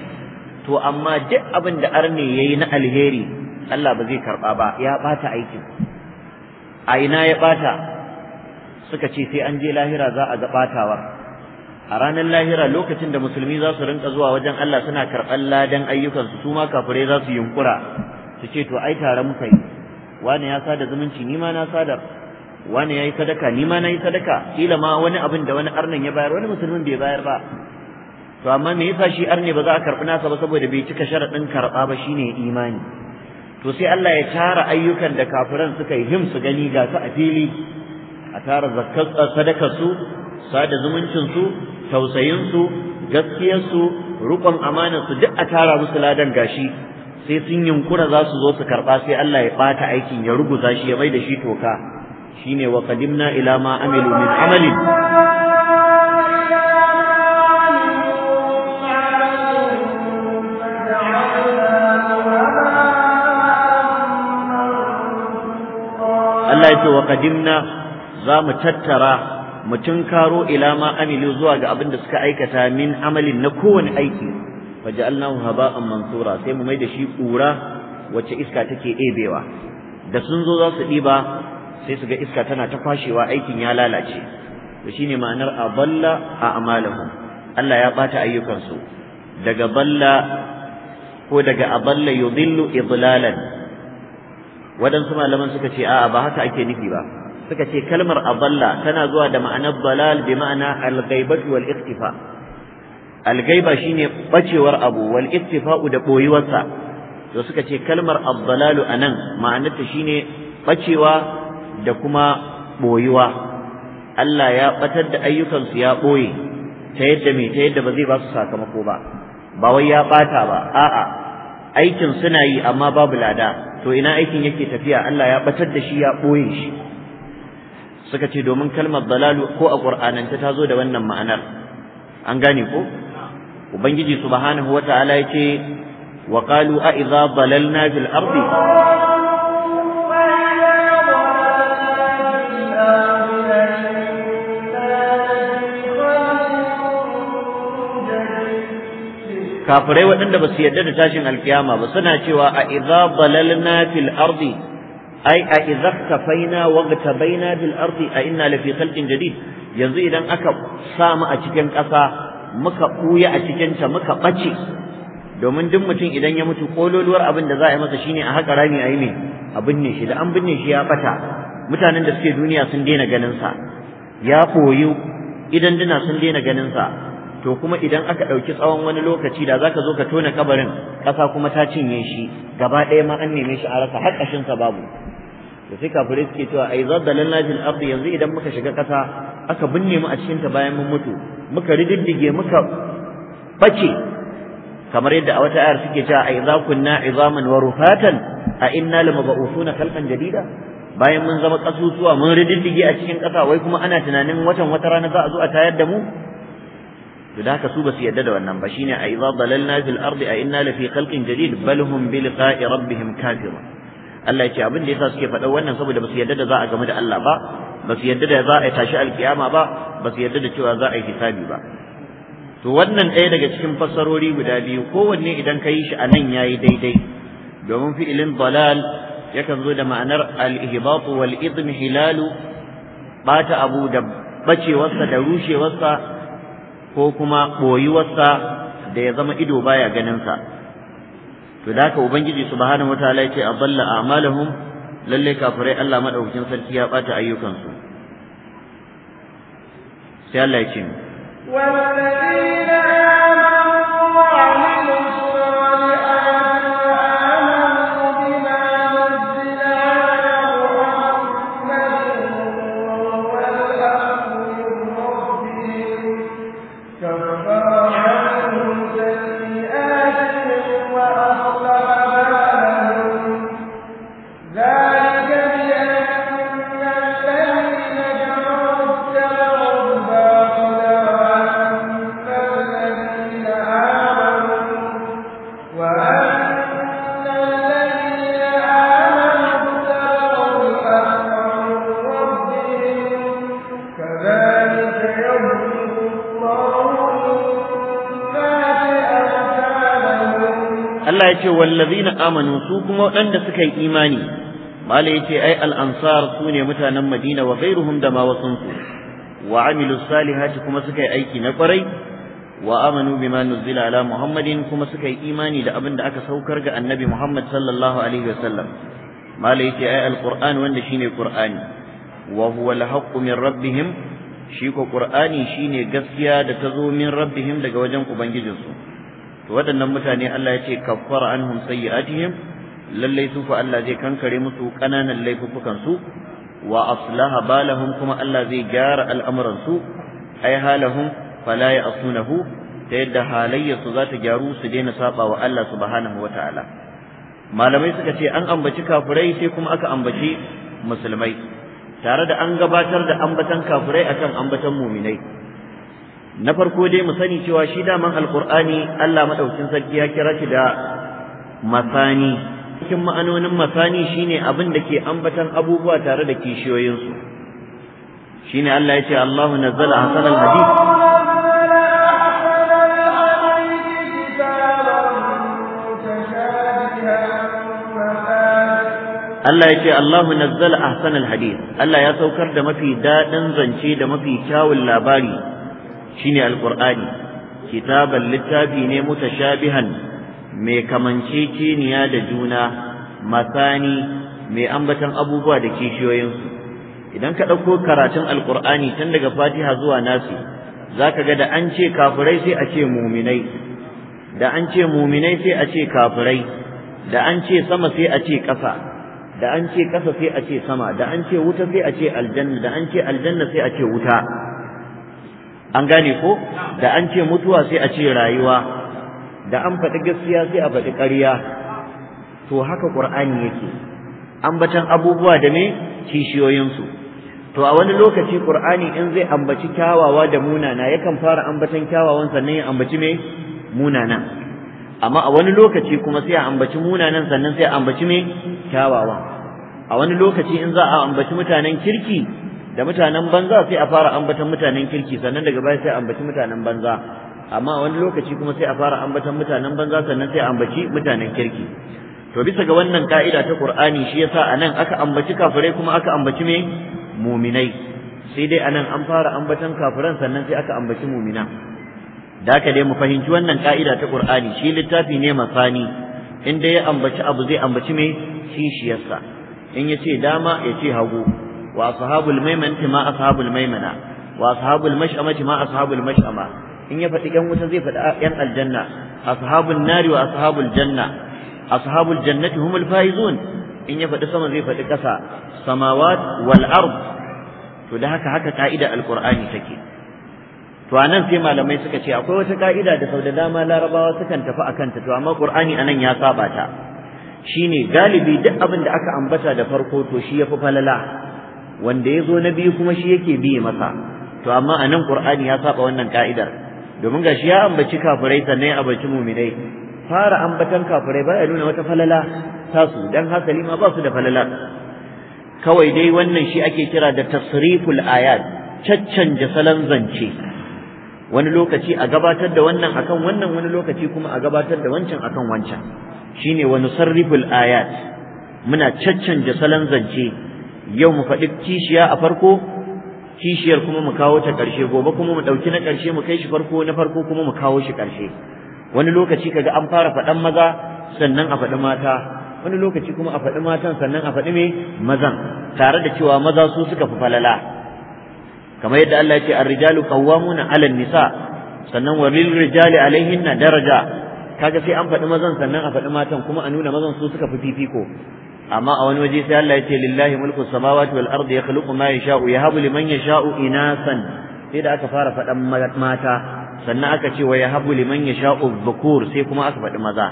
to amma duk abin da arni yayi na alheri Allah ba zai karba ba ya bata aikin a ina ya bata suka ce sai an je lahira za a ga batawar a ranar lahira lokacin da musulmi za su rinka zuwa wajen Allah suna karɓar ladan ayyukansu su ma kafirai za su yunkura su ce to ai tare muka yi wani ya sada zumunci ni ma na sadar wani ya yi sadaka ni ma na yi sadaka kila ma wani abin da wani arnan ya bayar wani musulmin bai bayar ba to amma me yasa shi arne ba za a karɓi nasa ba saboda bai cika sharaɗin karɓa ba shine imani to sai Allah ya tara ayyukan da kafiran suka yi him su gani ga su a fili a tara zakkar sadakar su sada zumuncinsu tausayinsu gaskiyarsu rukon amanarsu duk a tara musu ladan gashi sai sun yunkura za su zo su karɓa sai Allah ya ɓata aikin ya ruguza shi ya mai da shi toka shine wa qadimna ila ma amilu min amalin Allah ya ce wa qadimna za mu tattara Mutum karo ila ma amilu zuwa ga abin da suka aikata min amalin na kowane aiki faja'alnahu haba'an mansura sai mu mai da shi kura wacce iska take ebewa da sun zo za su ɗiba sai su ga iska tana ta kwashewa aikin ya lalace to shine ma'anar a balla a amalahum Allah ya bata ayyukansu daga balla ko daga aballa yudillu idlalan wadansu malaman suka ce a'a ba haka ake nufi ba suka ce kalmar aballa tana zuwa da ma'anar balal bi ma'ana al-ghaibatu wal ikhtifa al shine bacewar abu wal ikhtifa'u da boyuwarsa to suka ce kalmar abdalalu nan, ma'anarta shine bacewa da kuma boyuwa Allah ya batar da ayyukansu ya ɓoye ta yadda me ta yadda ba zai ba su sakamako ba ba wai ya ɓata ba a'a aikin suna yi amma babu lada to ina aikin yake tafiya Allah ya batar da shi ya ɓoye shi suka ce domin kalmar dalalu ko a qur'anance ta zo da wannan ma'anar an gane ko ubangiji subhanahu wata'ala yace wa qalu a idza dalalna fil ardi kafirai waɗanda ba su yarda da tashin alkiyama ba suna cewa a idza dalalna fil ardi ai a izakkafaina wagtabaina bil ardi a inna lafi khalqin jadid yanzu idan aka samu a cikin ƙasa muka kuya a cikin ta muka ɓace domin duk mutum idan ya mutu kololuwar abin da za a yi masa shine a haka rami a yi ne a binne shi da an binne shi ya fata mutanen da suke duniya sun daina ganin sa ya koyu idan duna sun daina ganin sa to kuma idan aka ɗauki tsawon wani lokaci da zaka zo ka tona kabarin ƙasa kuma ta cinye shi gaba ɗaya ma an neme shi a rasa har sa babu to sai kafirai suke cewa ai zaddalan lafil ardi yanzu idan muka shiga kasa aka binne mu a cikin ta bayan mun mutu muka rididdige muka bace kamar yadda a wata ayar suke cewa ai za kunna izaman wa rufatan a inna lamab'usuna khalqan jadida bayan mun zama kasusuwa mun rididdige a cikin kasa wai kuma ana tunanin watan wata rana za a zo a tayar da mu to da haka su ba su yadda da wannan ba shine ai za dalalna fil ardi a inna lafi khalqin jadid bal hum bi liqa'i rabbihim kafirun Allah ya ce abin da yasa suke faɗa wannan saboda ba su yarda da za a game da Allah ba ba su yarda da za a tashi alkiyama ba ba su yarda da cewa za a yi hisabi ba to wannan ɗaya daga cikin fassarori guda biyu kowanne idan ka yi shi a nan ya yi daidai domin fi'ilin dalal yakan zo da ma'anar al-ihbatu wal hilalu bata abu da bacewarsa da rushewarsa ko kuma ɓoyuwarsa da ya zama ido baya ganinsa to da haka ubangiji subhanahu wataala yake adalla Lallai lalle kafirai Allah madaukakin sarki ya bata ayyukansu sai Allah ya ce ladina amanu Allah ya ce wallazina amanu su kuma waɗanda suka yi imani mala ce ai al'ansar su ne mutanen Madina wa ghairuhum da ma wasun su wa amilu salihati kuma suka yi aiki na kwarai wa amanu bima nuzila ala muhammadin kuma suka yi imani da abin da aka saukar ga annabi Muhammad sallallahu alaihi wasallam mala ce ai al wanda shine qur'ani wa huwa al-haqqu min rabbihim shi ko qur'ani shine gaskiya da ta zo min rabbihim daga wajen ubangijinsu to waɗannan mutane Allah ya ce kaffara anhum sayyi'atihim lallai su fa Allah zai kankare musu ƙananan laifukan su wa aslaha balahum kuma Allah zai gyara al'amuran su ai halahum fala ya'sunahu ta yadda halayya su za ta gyaru su daina saba wa Allah subhanahu wataala malamai suka ce an ambaci kafirai sai kuma aka ambaci musulmai tare da an gabatar da ambatan kafirai akan ambatan muminai na farko dai mu sani cewa shi daman Alkur'ani, Allah maɗaukin sarki ya kira shi da masani cikin ma'anonin masani shine abin da ke ambatan abubuwa tare da kishiyoyinsu shine Allah ya ce Allahu nazzala hasanal hadith Allah ya ce Allahu nazzala ahsanal hadith Allah ya saukar da mafi daɗin zance da mafi kyawun labari shine alqur'ani kitaban littafi ne mutashabihan mai kamance kamanceceniya da juna masani mai ambatan abubuwa da kishiyoyinsu idan ka ɗauko karatun alqur'ani tun daga fatiha zuwa nasu, za ka ga da an ce kafirai sai a ce muminai da an ce muminai sai a ce kafirai da an ce sama sai a ce ƙasa da an ce ƙasa sai a ce sama da an ce wuta sai a ce aljanna da an ce aljanna sai a ce wuta an gane ko da an ce mutuwa sai a ce rayuwa da an faɗi gaskiya sai a faɗi ƙarya to haka ƙur'ani yake ambatan abubuwa da me kishiyoyinsu to a wani lokaci ƙur'ani in zai ambaci kyawawa da munana yakan fara ambatan kyawawan sannan ya ambaci me munana amma a wani lokaci kuma sai a ambaci munanan sannan sai a ambaci me kyawawa. a wani lokaci in za a ambaci mutanen kirki da mutanen banza sai a fara ambatan mutanen kirki sannan daga baya sai a ambaci mutanen banza amma wani lokaci kuma sai a fara ambatan mutanen banza sannan sai a ambaci mutanen kirki to bisa ga wannan ka'ida ta Qur'ani shi yasa anan aka ambaci kafirai kuma aka ambaci me muminai sai dai anan an fara ambatan kafiran sannan sai aka ambaci mumina da haka dai mu fahimci wannan ka'ida ta Qur'ani shi littafi ne masani in dai ya ambaci abu zai ambaci me kishiyarsa in ya ce dama ya ce hagu وأصحاب الميمنه ما أصحاب الميمنة وأصحاب المشأمة ما أصحاب المشأمة إن يفتح كم تزيف الآن آه، الجنة أصحاب النار وأصحاب الجنة أصحاب الجنة هم الفائزون إن يفتح سما زيف الكسا سماوات والأرض فلها هكا قائدة القرآن سكين فأنا في ما لم يسكت شيء أقوى سكائدة دخل دلاما لا ربا وسكن تفأكن تتوامى القرآن أنا نياسابا شيني قال بي دأب أنك أنبسا دفرقوت وشي يففل الله wanda ya zo na biyu kuma shi yake biye masa to amma a nan qur'ani ya saba wannan ka'idar domin ga shi ya ambaci kafirai sannan ya ambaci muminai fara ambatan kafirai baya nuna wata falala tasu dan hasali ma ba su da falala kawai dai wannan shi ake kira da tasriful ayat caccanja salon zance wani lokaci a gabatar da wannan akan wannan wani lokaci kuma a gabatar da wancan akan wancan shine wani sarriful ayat muna caccanja salon zance yau mu faɗi kishiya a farko kishiyar kuma mu kawo ta ƙarshe gobe kuma mu ɗauki na ƙarshe mu kai shi farko na farko kuma mu kawo shi ƙarshe wani lokaci kaga an fara faɗan maza sannan a faɗi mata wani lokaci kuma a faɗi matan sannan a faɗi me mazan tare da cewa maza su suka fi falala kamar yadda Allah ya ce ar-rijalu qawwamuna 'ala nisa sannan wa lil rijali 'alayhinna daraja kaga sai an faɗi mazan sannan a faɗi matan kuma a nuna mazan su suka fi fifiko amma a wani waje sai Allah ya ce lillahi mulku samawati wal ardi yakhluqu ma yasha'u yahabu liman yasha'u inasan sai da aka fara faɗan mata sannan aka ce wa yahabu liman yasha'u dhukur sai kuma aka faɗi maza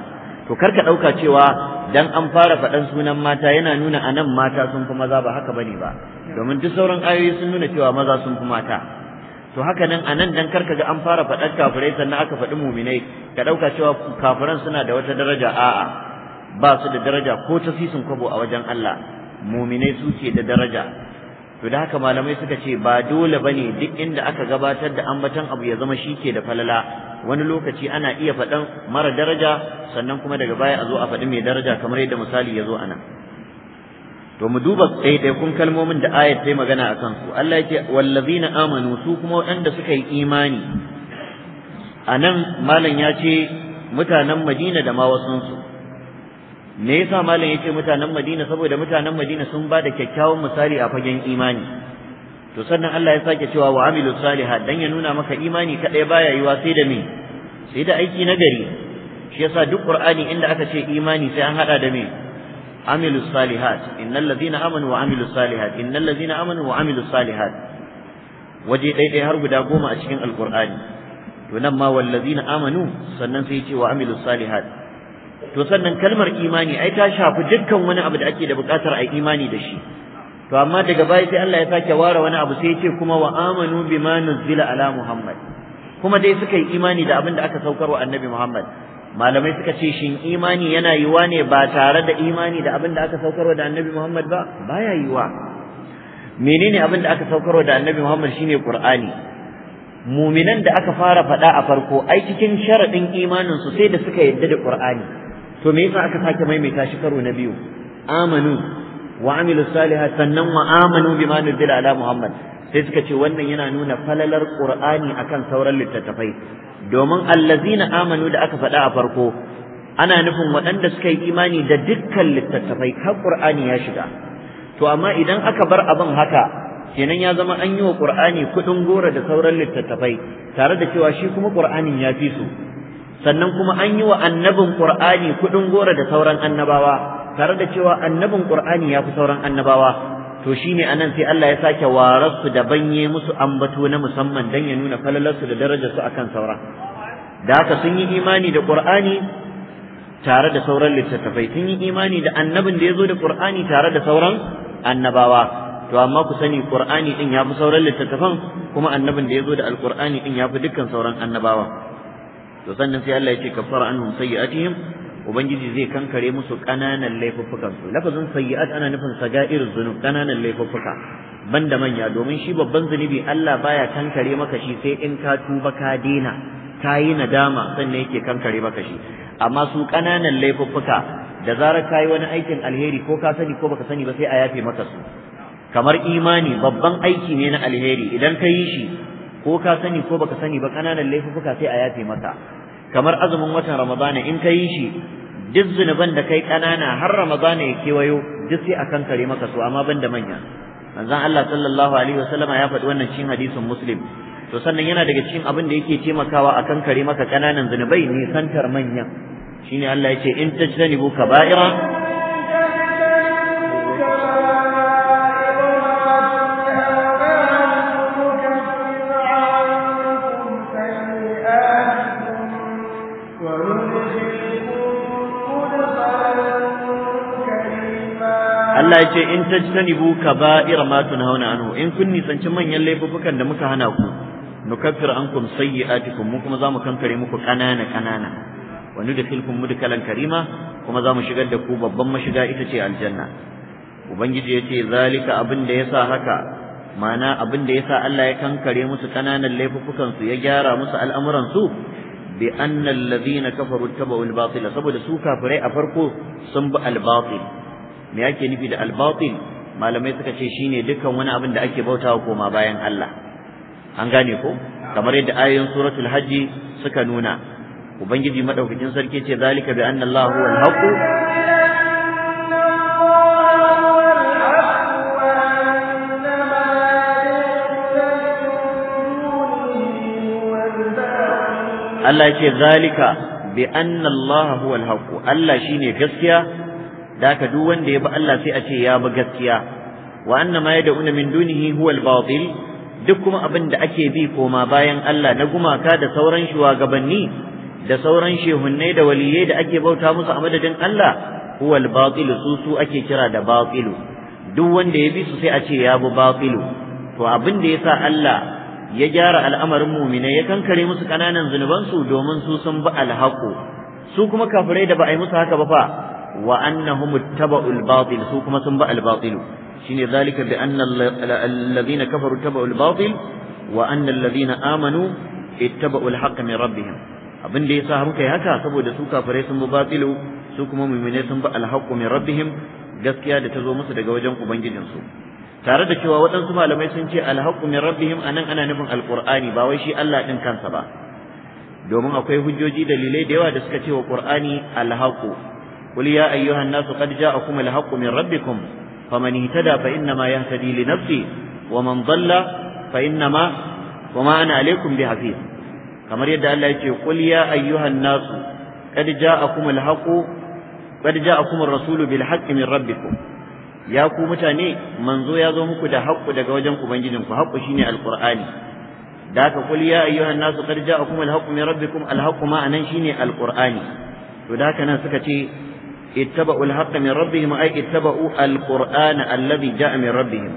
to kar ka ɗauka cewa dan an fara faɗan sunan mata yana nuna anan mata sun fi maza ba haka bane ba domin duk sauran ayoyi sun nuna cewa maza sun fi mata to haka nan anan dan kar ka ga an fara faɗan kafirai sannan aka faɗi muminai ka ɗauka cewa kafiran suna da wata daraja a'a ba su da daraja ko sun kwabo a wajen Allah muminai su ke da daraja to da haka malamai suka ce ba dole bane duk inda aka gabatar da ambaton abu ya zama shi ke da falala wani lokaci ana iya faɗan mara daraja sannan kuma daga baya a zo a faɗi mai daraja kamar yadda misali ya zo a nan to mu duba ɗaiɗaikun kalmomin da ayat ta magana a kansu Allah ya ce wallazina amanu su kuma waɗanda suka yi imani a nan malam ya ce mutanen madina da ma wasunsu me yasa malam ce mutanen Madina saboda mutanen Madina sun ba da kyakkyawan misali a fagen imani to sannan Allah ya sake cewa wa amilu salihat dan ya nuna maka imani kadai baya yiwa sai da me sai da aiki nagari shi yasa duk Qur'ani inda aka ce imani sai an hada da me amilu salihat innal ladhina amanu wa amilu salihat innal ladhina amanu wa amilu salihat waje daidai har guda goma a cikin alqur'ani to nan ma wallazina amanu sannan sai ya ce wa amilu salihat to sannan kalmar imani ai ta shafi dukkan wani abu da ake da buƙatar a imani da shi to amma daga baya sai Allah ya sake ware wani abu sai ya ce kuma wa amanu bima nuzila ala muhammad kuma dai suka yi imani da abin da aka saukar wa annabi muhammad malamai suka ce shin imani yana yiwa ne ba tare da imani da abin da aka saukarwa da annabi Muhammad ba baya yiwa menene abin da aka saukarwa da annabi Muhammad shine Qur'ani muminan da aka fara faɗa a farko ai cikin sharaɗin imanin su sai da suka yadda da Qur'ani to me yasa aka sake maimaita shi karo na biyu amanu wa amilu salihat sannan wa amanu bima nuzila ala muhammad sai suka ce wannan yana nuna falalar qur'ani akan sauran littattafai domin allazina amanu da aka faɗa a farko ana nufin waɗanda suka yi imani da dukkan littattafai har qur'ani ya shiga to amma idan aka bar abin haka kenan ya zama an yi wa qur'ani kuɗin gora da sauran littattafai tare da cewa shi kuma qur'anin ya fi su sannan kuma an yi wa annabin qur'ani kuɗin gora da sauran annabawa tare da cewa annabin qur'ani ya fi sauran annabawa to shine anan sai Allah ya sake warar su da banye musu ambato na musamman dan ya nuna falalarsu da darajarsu akan sauran da haka sun yi imani da qur'ani tare da sauran littattafai sun yi imani da annabin da ya zo da qur'ani tare da sauran annabawa to amma ku sani qur'ani din fi sauran littattafan kuma annabin da yazo da alqur'ani din fi dukkan sauran annabawa to sannan sai Allah ya ce kaffara anhum sayyi'atihim ubangiji zai kankare musu kananan laifuffukan su lafazin sayyi'at ana nufin saga'ir zunub kananan laifuffuka banda manya domin shi babban zunubi Allah baya kankare maka shi sai in ka tuba ka dena ka yi nadama sannan yake kankare maka shi amma su kananan laifuffuka da zarar ka yi wani aikin alheri ko ka sani ko baka sani ba sai a yafe maka su kamar imani babban aiki ne na alheri idan ka yi shi ko ka sani ko baka sani ba kananan laifuka sai a yafe maka kamar azumin watan ramadana in ka yi shi duk zunuban da kai kanana har ramadana ya kewayo duk sai a kankare maka su amma ban da manya manzon Allah sallallahu alaihi wasallama ya faɗi wannan cikin hadisin muslim to sannan yana daga cikin abin da yake taimakawa a kankare maka kananan zunubai nisantar manyan shine Allah ya ce in tajtanibu kaba'ira Allah ya ce in tajtanibu kaba'ira ma tunhauna anhu in kun nisanci manyan laifukan da muka hana ku nukaffir ankum sayyi'atikum mu kuma zamu kankare muku kanana kanana wa nudkhilkum mudkhalan karima kuma zamu shigar da ku babban mashiga ita ce aljanna ubangiji ya ce zalika abin da yasa haka ma'ana abin da yasa Allah ya kankare musu kananan laifukan su ya gyara musu al'amuran su bi anna alladhina kafaru tabu al-batil saboda su kafirai a farko sun bi al-batil me ake nufi da al malamai suka ce shine dukkan wani abin da ake bautawa koma bayan Allah an gane ko kamar yadda ayoyin suratul hajji suka nuna ubangiji madaukakin sarki ce zalika bi anna Allahu al-haqq Allah ya ce zalika bi anna Allah huwa haqq Allah shine gaskiya da haka duk wanda ya bi Allah sai a ce ya bi gaskiya wa annama da'una min dunihi huwa al-batil duk kuma abin da ake bi koma bayan Allah na gumaka da sauran shugabanni da sauran shehunnai da waliyai da ake bauta musu a madadin Allah huwa al-batil su su ake kira da batil duk wanda ya bi su sai a ce ya bi batil to abin da yasa Allah ya gyara al'amarin mu'minai ya kankare musu kananan zunubansu domin su sun bi alhaqu su kuma kafirai da ba a yi musu haka ba fa wa annahum ittaba'u al-batil su kuma sun ba al-batil shine zalika bi anna alladhina kafaru ittaba'u al-batil wa amanu ittaba'u al-haqq rabbihim abin da sa muka yi haka saboda su kafirai sun bi su kuma mu'minai sun ba al min rabbihim gaskiya da ta zo musu daga wajen ubangijinsu tare da cewa waɗansu malamai sun ce alhaqqu min rabbihim anan ana nufin Alƙur'ani ba wai shi Allah din kansa ba domin akwai hujjoji dalilai da yawa da suka ce wa ƙur'ani alhaqqu قل يا أيها الناس قد جاءكم الحق من ربكم فمن اهتدى فإنما يهتدي لنفسه ومن ضل فإنما وما أنا عليكم بحفيظ كما يد الله يقول قل يا أيها الناس قد جاءكم الحق قد جاءكم الرسول بالحق من ربكم ya ku mutane manzo ya zo muku da haƙƙu daga wajen ubangijinku haƙƙu shine alqur'ani da haka kul ya ayyuhan nasu qad ja'akum alhaqqu min rabbikum alhaqqu ma anan shine alqur'ani to da haka nan suka ce اتبعوا الحق من ربهم أي اتبعوا القرآن الذي جاء من ربهم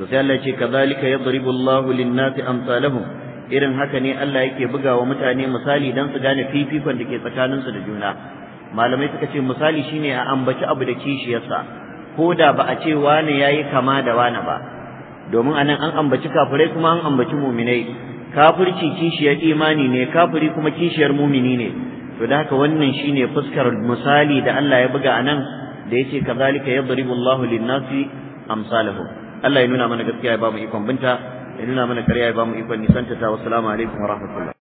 تسأل الله كذلك يضرب الله للناس أمثالهم irin haka ne Allah yake buga wa mutane misali don su gane fifikon da ke tsakaninsu da juna malamai suka ce misali shine a ambaci abu da kishiyarsa ko da ba a ce wane yayi kama da wane ba domin anan an ambaci kafirai kuma an ambaci muminai kafirci kishiyar imani ne kafiri kuma kishiyar mumini ne to da haka wannan shine fuskar misali da Allah ya buga anan da ya ce kazalika yadribu Allahu linnasi nasi amsalahum Allah ya nuna mana gaskiya ya ba mu ikon binta ya nuna mana ƙarya ya ba mu ikon nisanta ta wassalamu alaikum wa rahmatullah